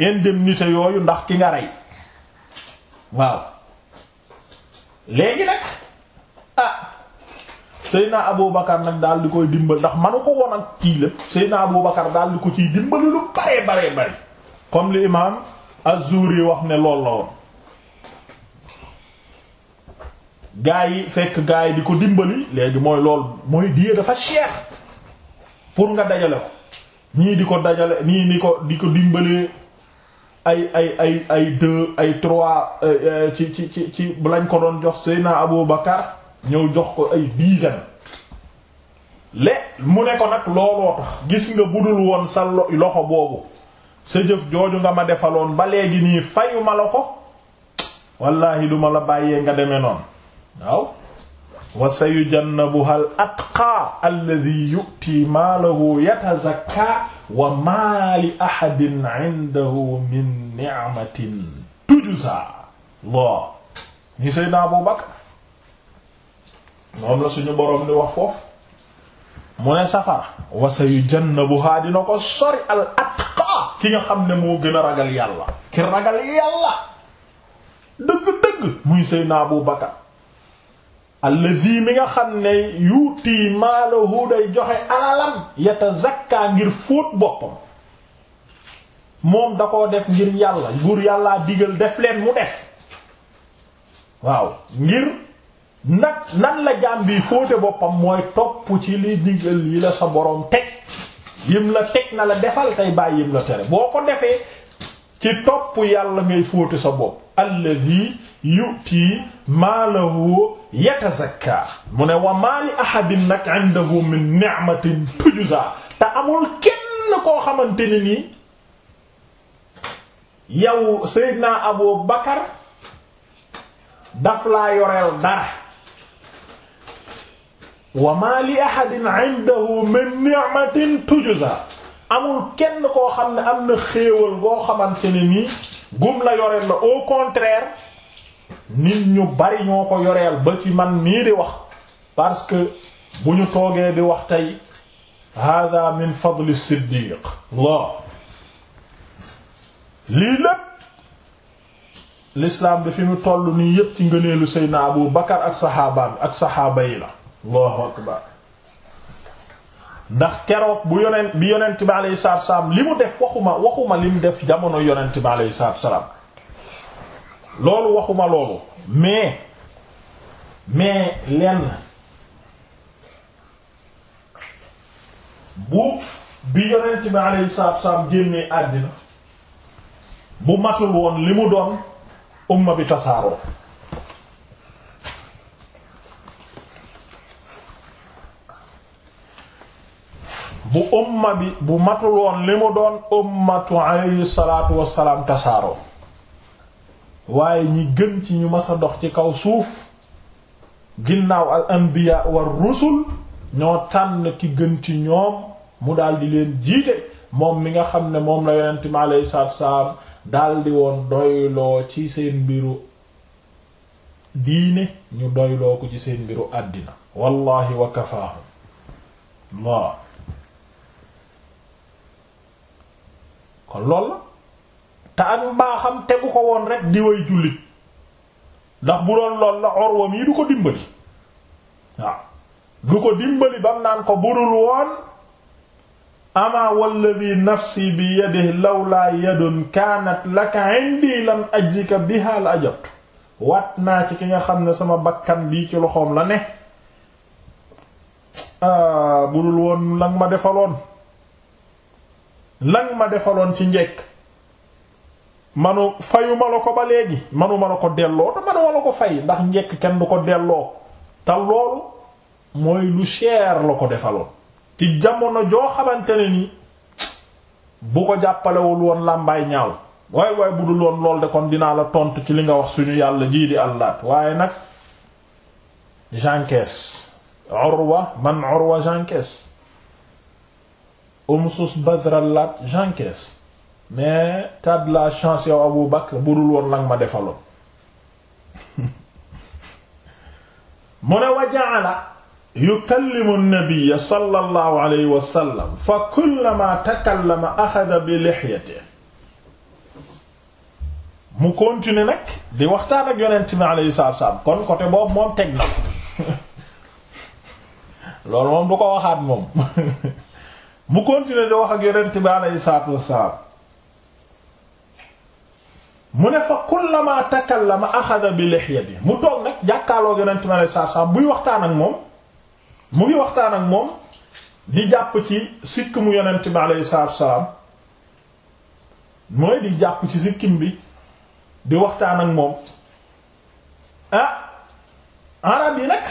indemnité yooyu ndax ki nga rey waaw léegi nag ah Seydina Aboubacar nag daal di koy dimbal ndax manu ko woon ak kii la Seydina Aboubacar daal di ko ciy dimbali lu bare bare bare comme li imaam Az-Zuhri wax ne lool la woon gaa yi fekk gaa yi di ko dimbali léegi mooy lool mooy diye dafa cher pour nga dajale ko ñii di ko dajale nii di ko di ko dimbalee ay ay ay ay deux ay trois euh, ci ci ci ci lañ ko doon jox Seyna Abou Bakar ñëw jox ko ay dizaine le mu ne ko nag looloo tax gis nga budul woon sa loxo boobu sa jëf jooju nga ma defaloon ba léegi nii fayuma la ko wallaahi duma la bàyyee nga demee noonu waaw wa sayujannabuha al atqa alladhi yu'ti maalahu yatazakka wa maa li ahadin indahu min ni'matin tujza Allah ñi Seydina Abu Bakar moom la suñu boroom di wax foofu mu ne safara wa sayujannabuha dina ko sori al atqa ki nga xam ne moo gën a ragal yàlla ki ragal yàlla dëgg-dëgg Abu Bakar allazi mi nga xam ne yuutii maalahu day joxe alalam yatazakka ngir fóot boppam moom da koo def ngir yàlla nguur yàlla digal def leen mu def waaw ngir nag nan la jaam bi fóote boppam mooy topp ci li digal yi la sa boroom teg yim la teg na la defal tey bàyyi yim la tere boo ko defee ci topp yàlla ngay fóote sa bopp allazi yuutii maalahu yatazakka mu ne wa maali ahadin nag indahu min ni'matin tujza te amul kenn koo xamante ne nii yow Seydina Abu Bakar daf laa yoreel dara wa maali ahadin indahu min ni'matin tujza amul kenn koo xam ne am na xéewal boo xamante ne nii gum la yoreel la au contraire nit ñu bari ñoo ko yoreel ba ci man nii di wax parce que bu ñu toogee di wax tey hada min fadli siddiq laa lii lépp l'islam bi fi mu toll nii yépp ci ngëneelu seydna abu bakar ak saxaabaan ak saxaaba yi la ndax keroog bu yonent bi yonent bi alayhi salaam li mu def waxuma waxuma li mu def jamono yonent bi alayhi salaam loolu waxuma loolu mais mais lenn bu bi yonent bi alayhi salaatu wasalaam génnee àddina bu matul woon li mu doon umma bi tasaaroo bu umma bi bu matul woon li mu doon ummatu alayhi salaatu salaam tasaaroo waaye ñi gën ci ñu mas a dox ci kaw suuf ginnaaw al anbiya war rusul ñoo tànn ki gën ci ñoom mu daldi leen jiite moom mi nga xam ne moom la yonent mi alayhi salaatu salaam daldi woon doyloo ci seen mbiru diine ñu doyloo ko ci seen mbiru àddina wallahi wa kafaahum Allah kon loolu la te ak mbaaxam tegu ko woon rek di way jullit ndax bu doon lool la Urwa mii du ko dimbali waaw du ko dimbali bam naan ko burul woon ama walladhi nafsi bi yadihi lawlaa yadun kaanat laka indi lam ajzika biha la ajabtu wat naa ci ki nga xam ne sama bakkan bii ci loxoom la ne burul woon lan ma defaloon lan ma defaloon ci njekk manu fayu ma la ko ba léegi manu ma la ko delloo te manu ma la ko fay ndax njekk kenn du ko delloo te loolu mooy lu cher la ko defaloo ci jamono joo xamante ne ni bu ko jàppalewul woon làmbaay ñaaw waay waay bu dul woon lool de kon dinaa la tontu ci li nga wax suñu yàlla jii di àllaat waaye nag Jenkes Urwa man Urwa Jenkes umsus Badrallat Jenkes mais t'as la chance yow Abu Bakr bu dul woon nag ma defaloon mu ne wa ja'ala yukallimu an-nabiyya sallallahu alayhi wa sallam fa kullama takallama bi lihyatihi mu continuer nag di waxtaan ak yonent mi alayhi salaatu salaam kon côté boobu moom teg na loolu moom du ko waxaat moom mu continuer di wax ak yonent bi alayhi salaatu salaam mu ne fa la ma axada bi lihyati mu toog nag jàkkaaloo yonent mi alayhi salaam buy waxtaan ak moom mu ngi waxtaan ak moom di jàpp ci sikk mu yonent mi alayhi salaam mooy di jàpp ci sikkim bi di waxtaan ak moom ah arab yi nag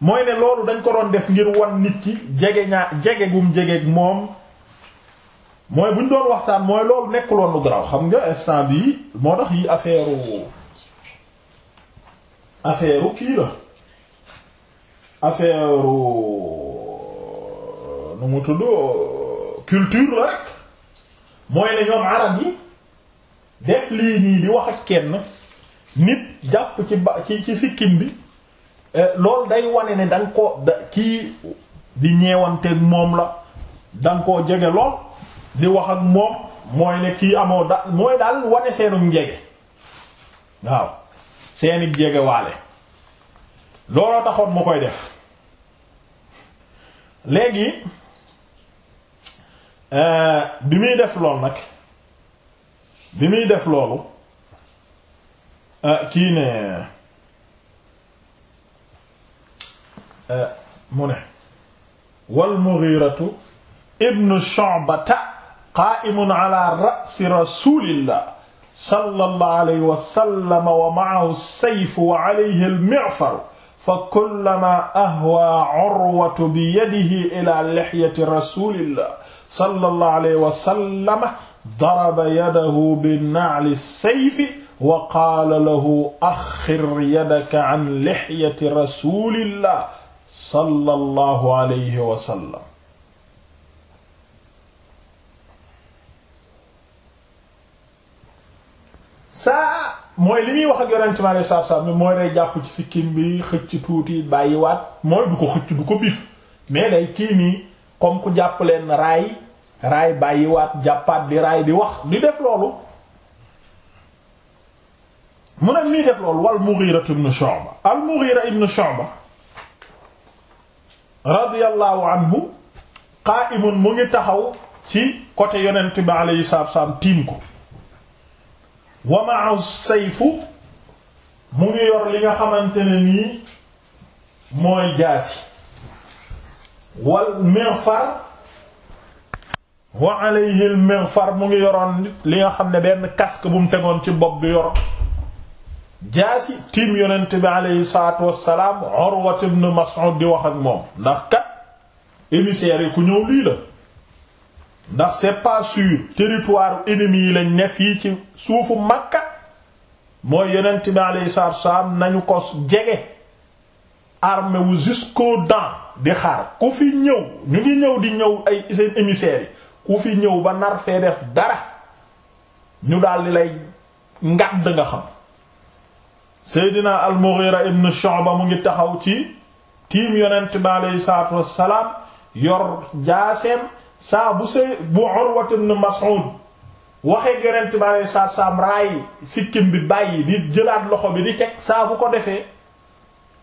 mooy ne loolu dañ ko doon def ngir won nit ki jege ñaa jege gum jegeeg moom mooy bu ñu doon waxtaan mooy loolu nekkuloon lu garaaw xam nga instant bii moo tax yi affaire affaire kii la affaire nu mu tudd culture la rek mooy ne ñoom arab yi def lii nii di wax ak kenn nit jàpp ci ba ci ci bi eh, loolu day wane ne da nga ko da kii di ñeewanteeg moom la da nga koo jege lool. li wax ak moom mooy ne kii amoo da mooy daal wane seenum njege waaw seeni jege waale looloo taxoon mu koy def léegi euh, bi muy def nag bi muy def loolu euh, kii ne euh, mu ne wal Mughiratu ibnu Shu'bata qaa'imun ala ra'si rasulillah sallallahu alayhi wa sallam wa ma'ahu as-sayf wa alayhi al-mi'far fa kullamaa ahwaa urwatu biyadihi ilaa lihyati rasulillah sallallahu alayhi wa sallam daraba yadahu bina'li as-sayf wa qaala lahu axir yadaka an lihyati rasulillah sallallahu alayhi wa sallam saa mooy li muy wax ak yonent mi saa saa mi mooy day jàpp ci sikkim bi xëcc tuuti bàyyiwaat mooy du ko xëcc du ko biif mais day kii nii comme ku jàpp leen raay raay bàyyiwaat jàppaat di raay di wax di def loolu mu ne nii def loolu wal Mughira ibn Shu'ba al Mughira ibn Shu'ba radiyallahu anhu qa'imun mu ngi taxaw ci côté yonent bi alayhi salaam tiim ko wa ma'ahu sayfu mu ngi yor li nga xamante ni nii mooy jaasi wal mighfar wa al mighfar mu ngi yoroon nit li nga xam ne benn casque bu mu tegoon ci bopp bi yor jaasi tiim yonent bi aleyhi salaatu wassalaam Urwa ibn di wax ak moom ndax kat émissaire yi ku ñëw lii la ndax c'est pas sûr territoire ennemi yi lañ ne fii ci suufu Makka mooy yonent bi alayhi salaatu wassalaam nañu ko jege armée wu jusqu'aux dents di xaar ku fi ñëw ñu ngi ñëw di ñëw ay seen émissaires yi ku fi ñëw ba nar def dara ñu dal di lay ngàdd nga xam Seydina al-Mughira ibn mu ngi taxaw ci tiim yonent bi alayhi salaatu wassalaam yor jaaseem saa bu bu Urwat ibn Mas'ud waxee yonent bi alei saatu salaam raayi sikkim bi bàyyi di jëlaat loxo bi di teg saa bu ko defee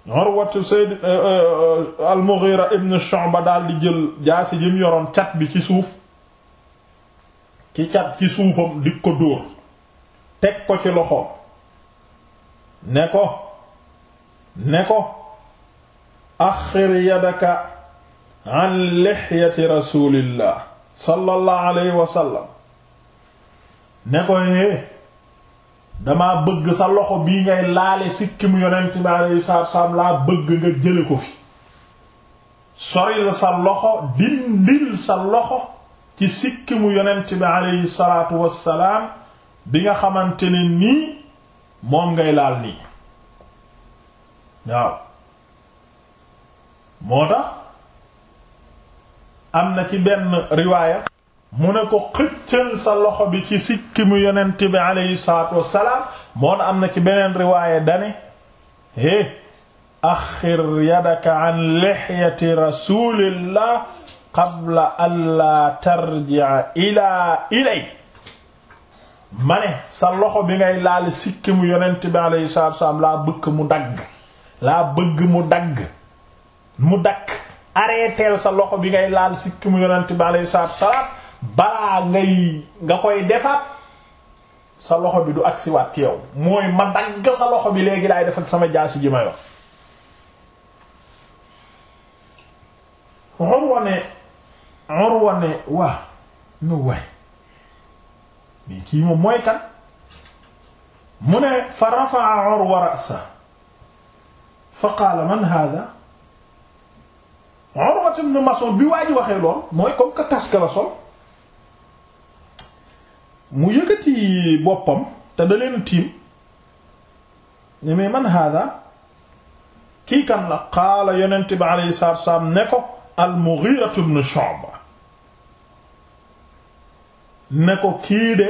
Urwatu Sayyid euh, euh, euh, al-Mughira ibn Shu'ba daal di jël jaasi jim yoroon cat bi ci suuf ci cat ci suufam di ko dóor teg ko ci loxo ne ko ne ko axir an lixyati rasulillah sallallahu alayhi wa sallam ne ko hee eh, dama bëgg sa loxo bii ngay laale sikkimu yonent bi alayhi salaatu laa bëgg nga jële ko fi soril sa loxo dindil sa loxo ci sikkimu yonent bi alayhi salaatu wassalaam bi nga xamante ne nii moom ngay laal nii waaw moo tax am na ci benn riwaaya mu ne ko xëccal sa loxo bi ci sikki mu yonent bi aleyhi salaatu wassalaam moo am na ci beneen riwaaya dane hé axir yadaka an lihyati rasulillah qabla an laa tarjia ilay ma ne sa loxo bi ngay laal sikki mu yonent bi aleyhi salaatu wassalaam laa bëgg mu dagg laa mu dagg mu dakk arrêteel sa loxo bi ngay laal sikki mu yonent bi alayhi salaatu salaam balaa ngay nga koy defar sa loxo bi du agsiwaat ci yow mooy ma dagg sa loxo bi léegi laay defal sama jaasi ji ma yor Urwa ne Urwa ne waa kii moom mooy kan mu ne fa rafa'a Urwa ra'sa fa qaala man haadha Urwa bi waa waxee lool mooy comme que casque la sol mu yëkkati boppam te daleen leen tiim ne mais man hada kii kan la qaala yonent bi alayhi salaatu wassalaam ne ko al-Mughira ibn Shu'ba ne ko kii de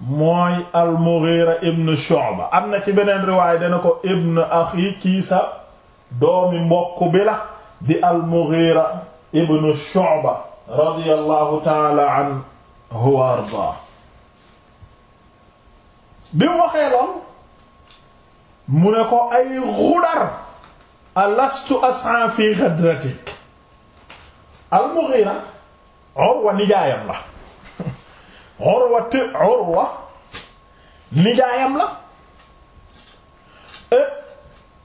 mooy al-Mughira ibn Shu'ba am na ci beneen riwaay dana ko ibn axi kii sa doomi mbokk bi la di al-Mughira ibn Shu'ba radiyallahu ta'ala anhu wa ardaa bi mu waxee lool mu ne ko ay xudar alastu as'a fi ghadratik al-Mughira Urwa nijaayam la Urwa te Urwa nijaayam la eh,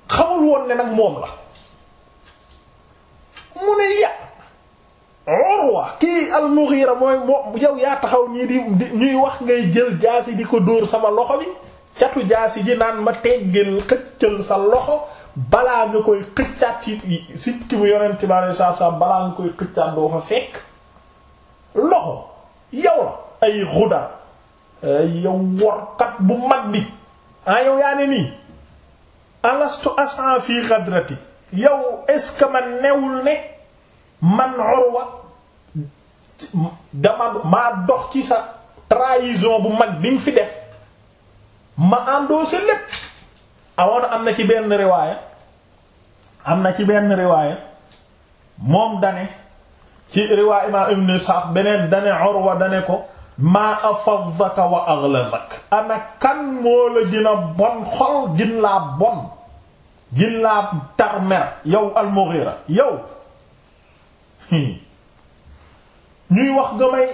xamul woon ne nag moom la mu ne ya Urwa kii al-Mughira mooy moo yow yaa taxaw ñii di ñuy wax ngay jël jaasi di ko dóor sama loxo bi catu jaasi ji naan ma teggeel xëccal sa loxo balaa nga koy xëccaat ci si ki mu yonent bi alei satu salaam balaa nga koy xëccaat doo fa fekk loxo yow la ay xuda ay yow workat bu mag bi ah yow yaa ne nii alastu asan fii xadrati yow est ma newul ne man Urwa dama maa dox ci sa trahison bu mag bi fi def ma endossé lépp awoon am na ci benn riwaaya am na ci benn riwaaya moom dane ci riwaaya imaam Ibn Ishaq beneen dane Urwa dane ko maa afadaka wa aghlazak ana kan moo la dina bon xol gin laa bon gin laa tar mer yow al-Mughira yow Hmm. ñuy wax ga may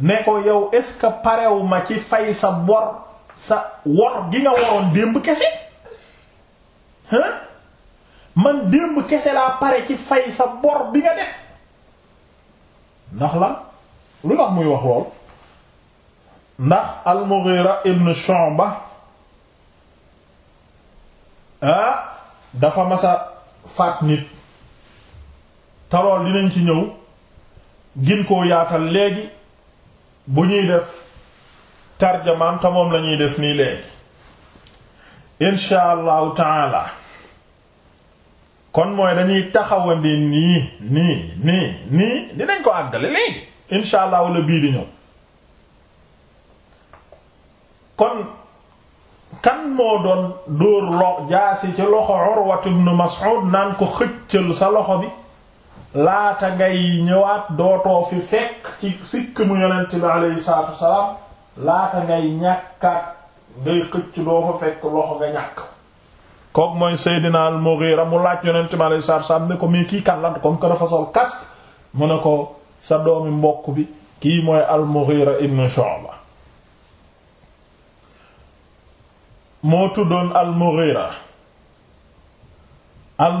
ne ko yow est ce que parewu ci fay sa bor sa wor gi nga waroon démb kese hein man démb kese laa pare ci fay sa bor bi nga def ndax la lu tax muy wax lool ndax al-Mughira ibn Shu'ba ah dafa masa faat nit tarool dinañ ci ñëw gin koo yaatal léegi bu ñuy def tarjamaam te moom la def nii léegi insha allahu taala kon mooy dañuy taxawandi nii nii nii nii dinañ ko àggale léegi insha allah wala bii di ñëw kon kan moo doon dóor lo jaasi ci loxo Urwat ibn Mas'ud naan ko xëccal sa loxo bi laata ngay ñëwaat dootoo fi fekk ci sikk mu yonent bi alayhi salaatu wasalaam laata ngay ñàkkaat ngay xëcc doo fa fekk loxo nga ñàkk kook mooy Seydina al mu laaj yonent bi alayhi salaatu wasalaam ne ko mii kii kan la sol casque mu ne ko sa doomi mbokk bi kii mooy al-Mughira ibn Shu'ba moo tuddoon al-Mughira al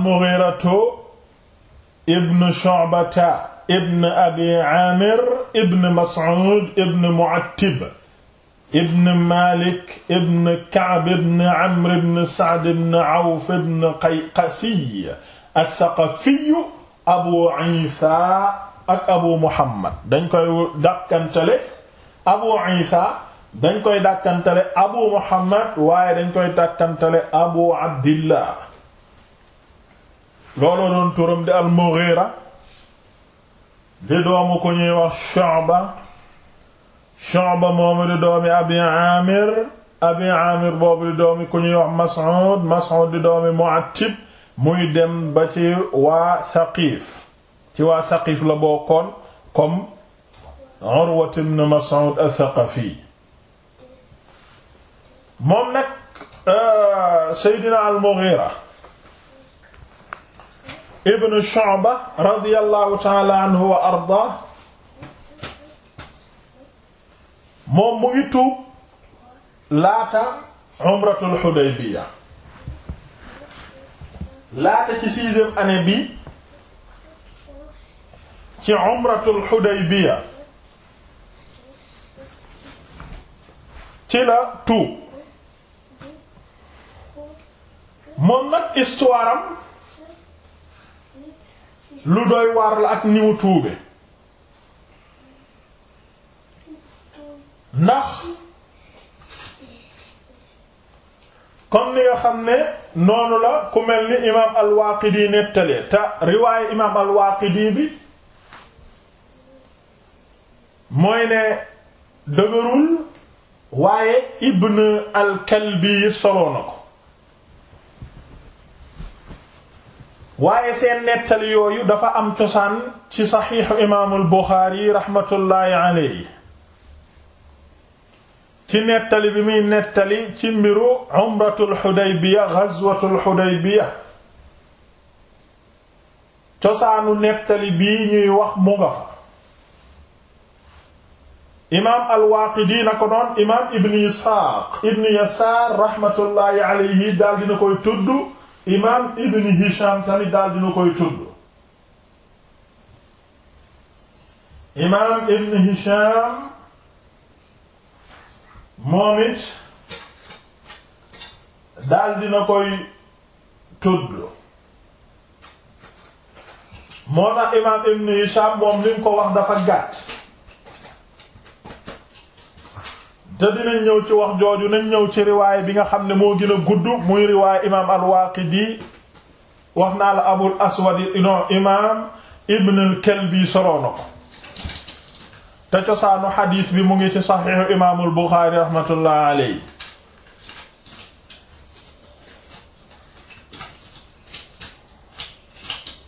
ibn Shu'bata ibn Abi Amir ibn Mas'ud ibn Mu'attib ibn Malik ibn Ka'b ibn Amr ibn Sa'd ibn Awf ibn Qayqasi ath-Thaqafi Abu Isa ak Abu Muhammad dañ koy dàkkantale Abu Isa dañ koy dàkkantale Abu Muhammad waaye dañ koy dàkkantale Abu Abdillah looloo doon turam di al-Mughira di doomu ku ñuy wax Shu'ba Shu'ba moomu di doomi Abi Amir Abi Amir boobu di doomi ku ñuy wax Mas'ud Mas'ud di doomi Mu'attib muy dem ba ci waa Thaqif ci waa Thaqif la bokkoon comme Urwa ibn Mas'ud ath-Thaqafi moom nag euh, Seydina al-Mughira ibn Shu'ba radiyallahu ta'ala anhu wa arda moom mu ngi tuub laata umratul Hudaybiya laata ci sixième année bi ci umratul Hudaybiya ci la tuub moom nag histoire am lu doy waar la ak ni tuube ndax comme ni nga xam ne noonu la ku mel ni imaam al-Waaqidi nettalee te imaam al bi mooy ne dëgërul waaye Ibn al-Kalbi na ko waaye seen nettali yooyu dafa am cosaan ci saxiixu imaamul Buxaari raxmatullaahi alayhi ci nettali bi muy nettali ci mbiru umratul Xudaybiya gazwatul Xudaybiya cosaanu nettali bi ñuy wax mu nga fa imaam al-Waaqidi na ko imaam ibn Isxaaq ibn Yasaar raxmatullaahi alayhi daal dina koy tudd imaam ibn Hisham tamit daal dina koy tudd imaam ibn Hisham moom it daal dina koy tudd moo tax imaam ibn Hisham moom li mu ko wax dafa gàtt te dinañ ñëw ci wax jooju nañ ñëw ci riwaay bi nga xam ne moo gën a gudd muy riwaay imaam al-Waaqidi wax naa la Abul Aswad non imaam Ibn al-Kalbi ko te cosaanu xadiis bi mu ngi ci saxiixu imaamul Buxaari raxmatullaahi alayhi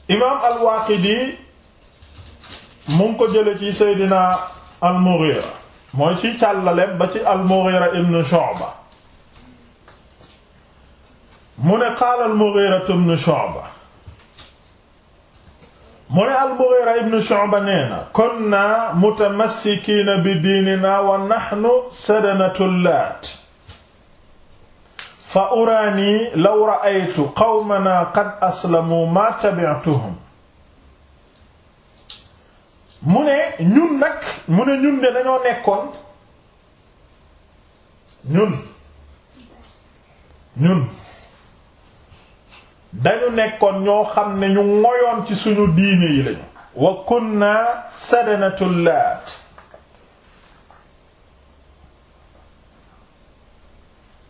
imaam al-Waaqidi mu ko jële ci Seydina al-Mughira mooy ci càllaleem ba ci al-Mughira ibn Shu'ba mu ne qaala al-Mughira ibn Shu'ba mu ne al-Mughira ibn Shu'ba nee na kunna mutamassikiina bi diinina wa nahnu sadanatu Laat fa uraani law ra'aytu qawmana qad aslamuu maa tabi'tuhum mu ne ñun nag mu ne ñun de dañoo nekkoon ñun ñun dañu nekkoon ñoo xam ne ñu moyoon ci suñu diine yi lañu wa kunna sadanatul laat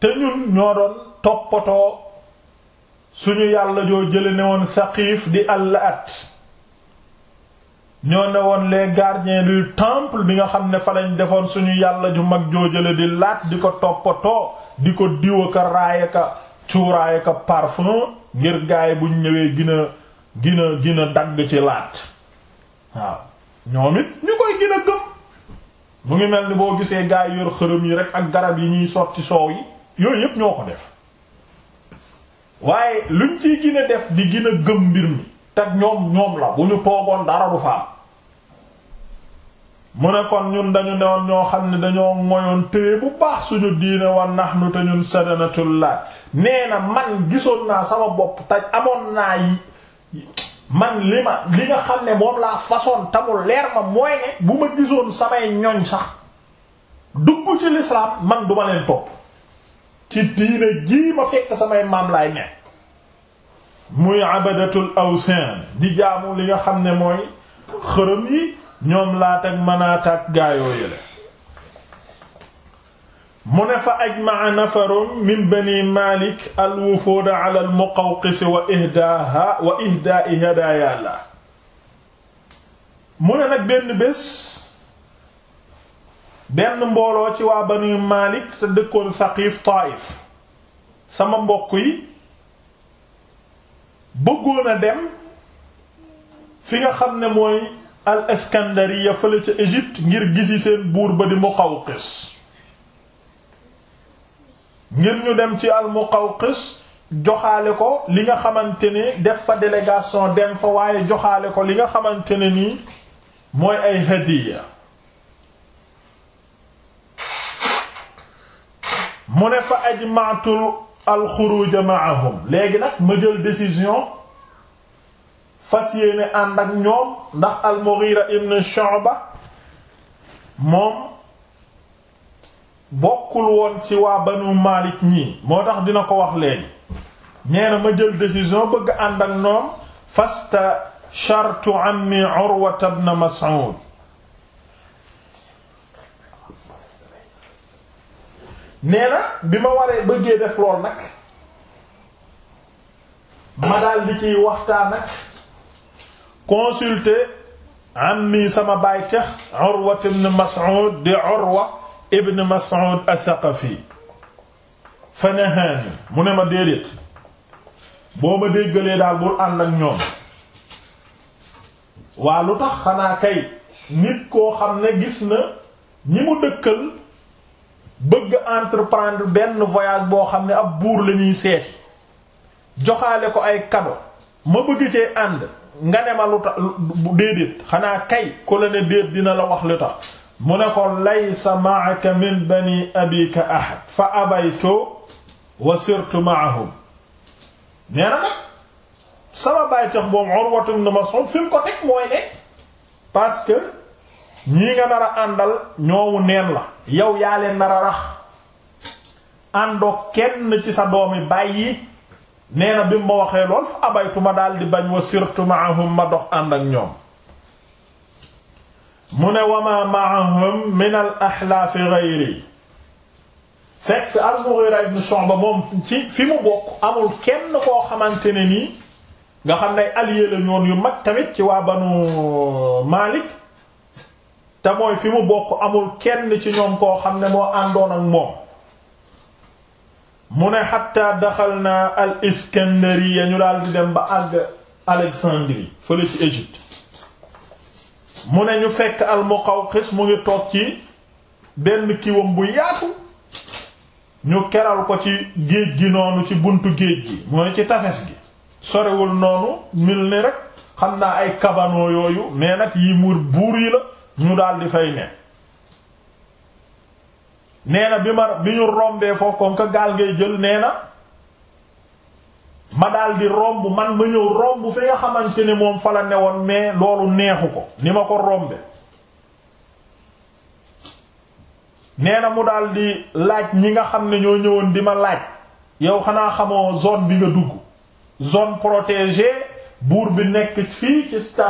te ñun ñoo doon toppatoo suñu yàlla joo jële ne woon saqiif di àll at ñoo ne woon lee gardiens du temple bi nga xam ne falañ defoon suñu yàlla ju mag joojale di laat di ko toppatoo di ko diwa ka raaya ka cuuraaya ka parfum ngir gaay buñ ñëwee gina gina gina dagg ci laat waaw ñoom it ñu koy gina gëm mu ngi mel ni boo gisee gaay yor xërëm yi rekk ak garab yi ñuy sotti soow yi yooyu yépp ñoo ko def waaye luñ ciy gina def di gina gëm mbir mi te ñoom ñoom la bu ñu toogoon dara du fa am mu ne kon ñun dañu newoon ñoo xam ne dañoo moyoon téye bu baax suñu diine wa nahnu te ñun sadanatullah nee na man gisoon naa sama bopp taj amoon naa yi man li ma li nga xam ne moom laa façon tamul leer ma mooy ne bu ma gisoon samay ñoñ sax dugg ci lislaam man duma leen topp ci diine jii ma fekk samay maam laay ne muy abadatul awthan di jaamu li nga xam ne mooy xërëm yi ñoom laat ak manaat ak gaayoo yële mu ne fa ajmaa nafarun min bani malik al wufuda ala al muqawqis wa ihdaaha wa ihdaa'i hadaaya mu ne nag benn bés benn mbooloo ci waa bani malik te dëkkoon saqiif taif sama mbokk yi bëggoona dem fi nga xam ne mooy al iskandariya fële ca Égypte ngir gisi seen buur ba di Muqawqis ngir ñu dem ci al Muqawqis joxaale ko li nga xamante ne def fa délégation dem fa waaye joxaale ko li nga xamante ne nii mooy ay hadiya mu ne fa ajmaatul alxuruj maahum léegi nag ma jël décision fas yéene ànd ak ñoom ndax al-Mughira ibn Shu'ba moom bokkul woon ci waa Banu Malik ñii moo tax dina ko wax léegi nee ma jël décision bëgg ànd ak ñoom fasta shartu ammi Urwa ibn Mas'ud nee na bi ma waree bëggee def lool nag ma daal di ciy waxtaan nag consulter am nii sama baay tex Urwa ibn Mas'ud di Urwa ibn Mas'ud ath-Thaqafi fa mu ne ma déedéet boo ma déggalee daal bul ànd ak ñoom waa lu tax xanaa kay nit koo xam ne gis na ñi mu dëkkal bëgg entreprendre benn voyage boo xam ne ab buur lañuy ñuy seeti joxaale ko ay cadeau ma bëgg cee ànd nga ne ma lu déedéet xanaa kay ku la ne déet dina la wax lu tax mu ne ko laysa ma'aka min bani abika ahad fa abaytu wa sirtu ma'ahum nee na nag sama bàyyi tax boobu Urwatu ibn Mas'ud fi mu ko teg mooy ne parce ñii nga nar a àndal ñoowu neen la yow yaa leen nar rax àndoo kenn ci sa doomi bàyyi nee na bi ma waxee lool fa abaytu ma daal di bañ wa sirtu maahum ma dox ànd ñoom mu ne wama maahum min al axlaafi gayri fekk al-Mughira ibn Shu'ba moom ci fi mu bokk amul kenn koo xamante ne nii nga xam ne allié la ñoon yu mag tamit ci waa banu Malik te mooy fi mu bokk amul kenn ci ñoom koo xam ne moo àndoon ak moom mu ne xatta daxal naa al iskandariya ñu daal di dem ba àgg Alexandrie fële ci Égypte mu ne ñu fekk al Muqawqis mu ngi toog ci benn kiwam bu yaatu ñu keral ko ci géej gi noonu ci buntu géej gi mooy ci tafes gi sorewul noonu mil ni rek xam naa ay kabanoo yooyu mais nag yi muur buur yi la mu daal di fay ne nee bi ma bi ñu rombee foofu comme que gaal ngay jël nee na ma daal di romb man ma ñëw romb fi nga xamante ni moom fa la newoon mais loolu neexu ko ni ma ko rombe nee mu daal di laaj ñi nga xam ne ñoo ñëwoon di ma laaj yow xanaa xamoo zone bi nga dugg zone protégée buur bi nekk fii ci station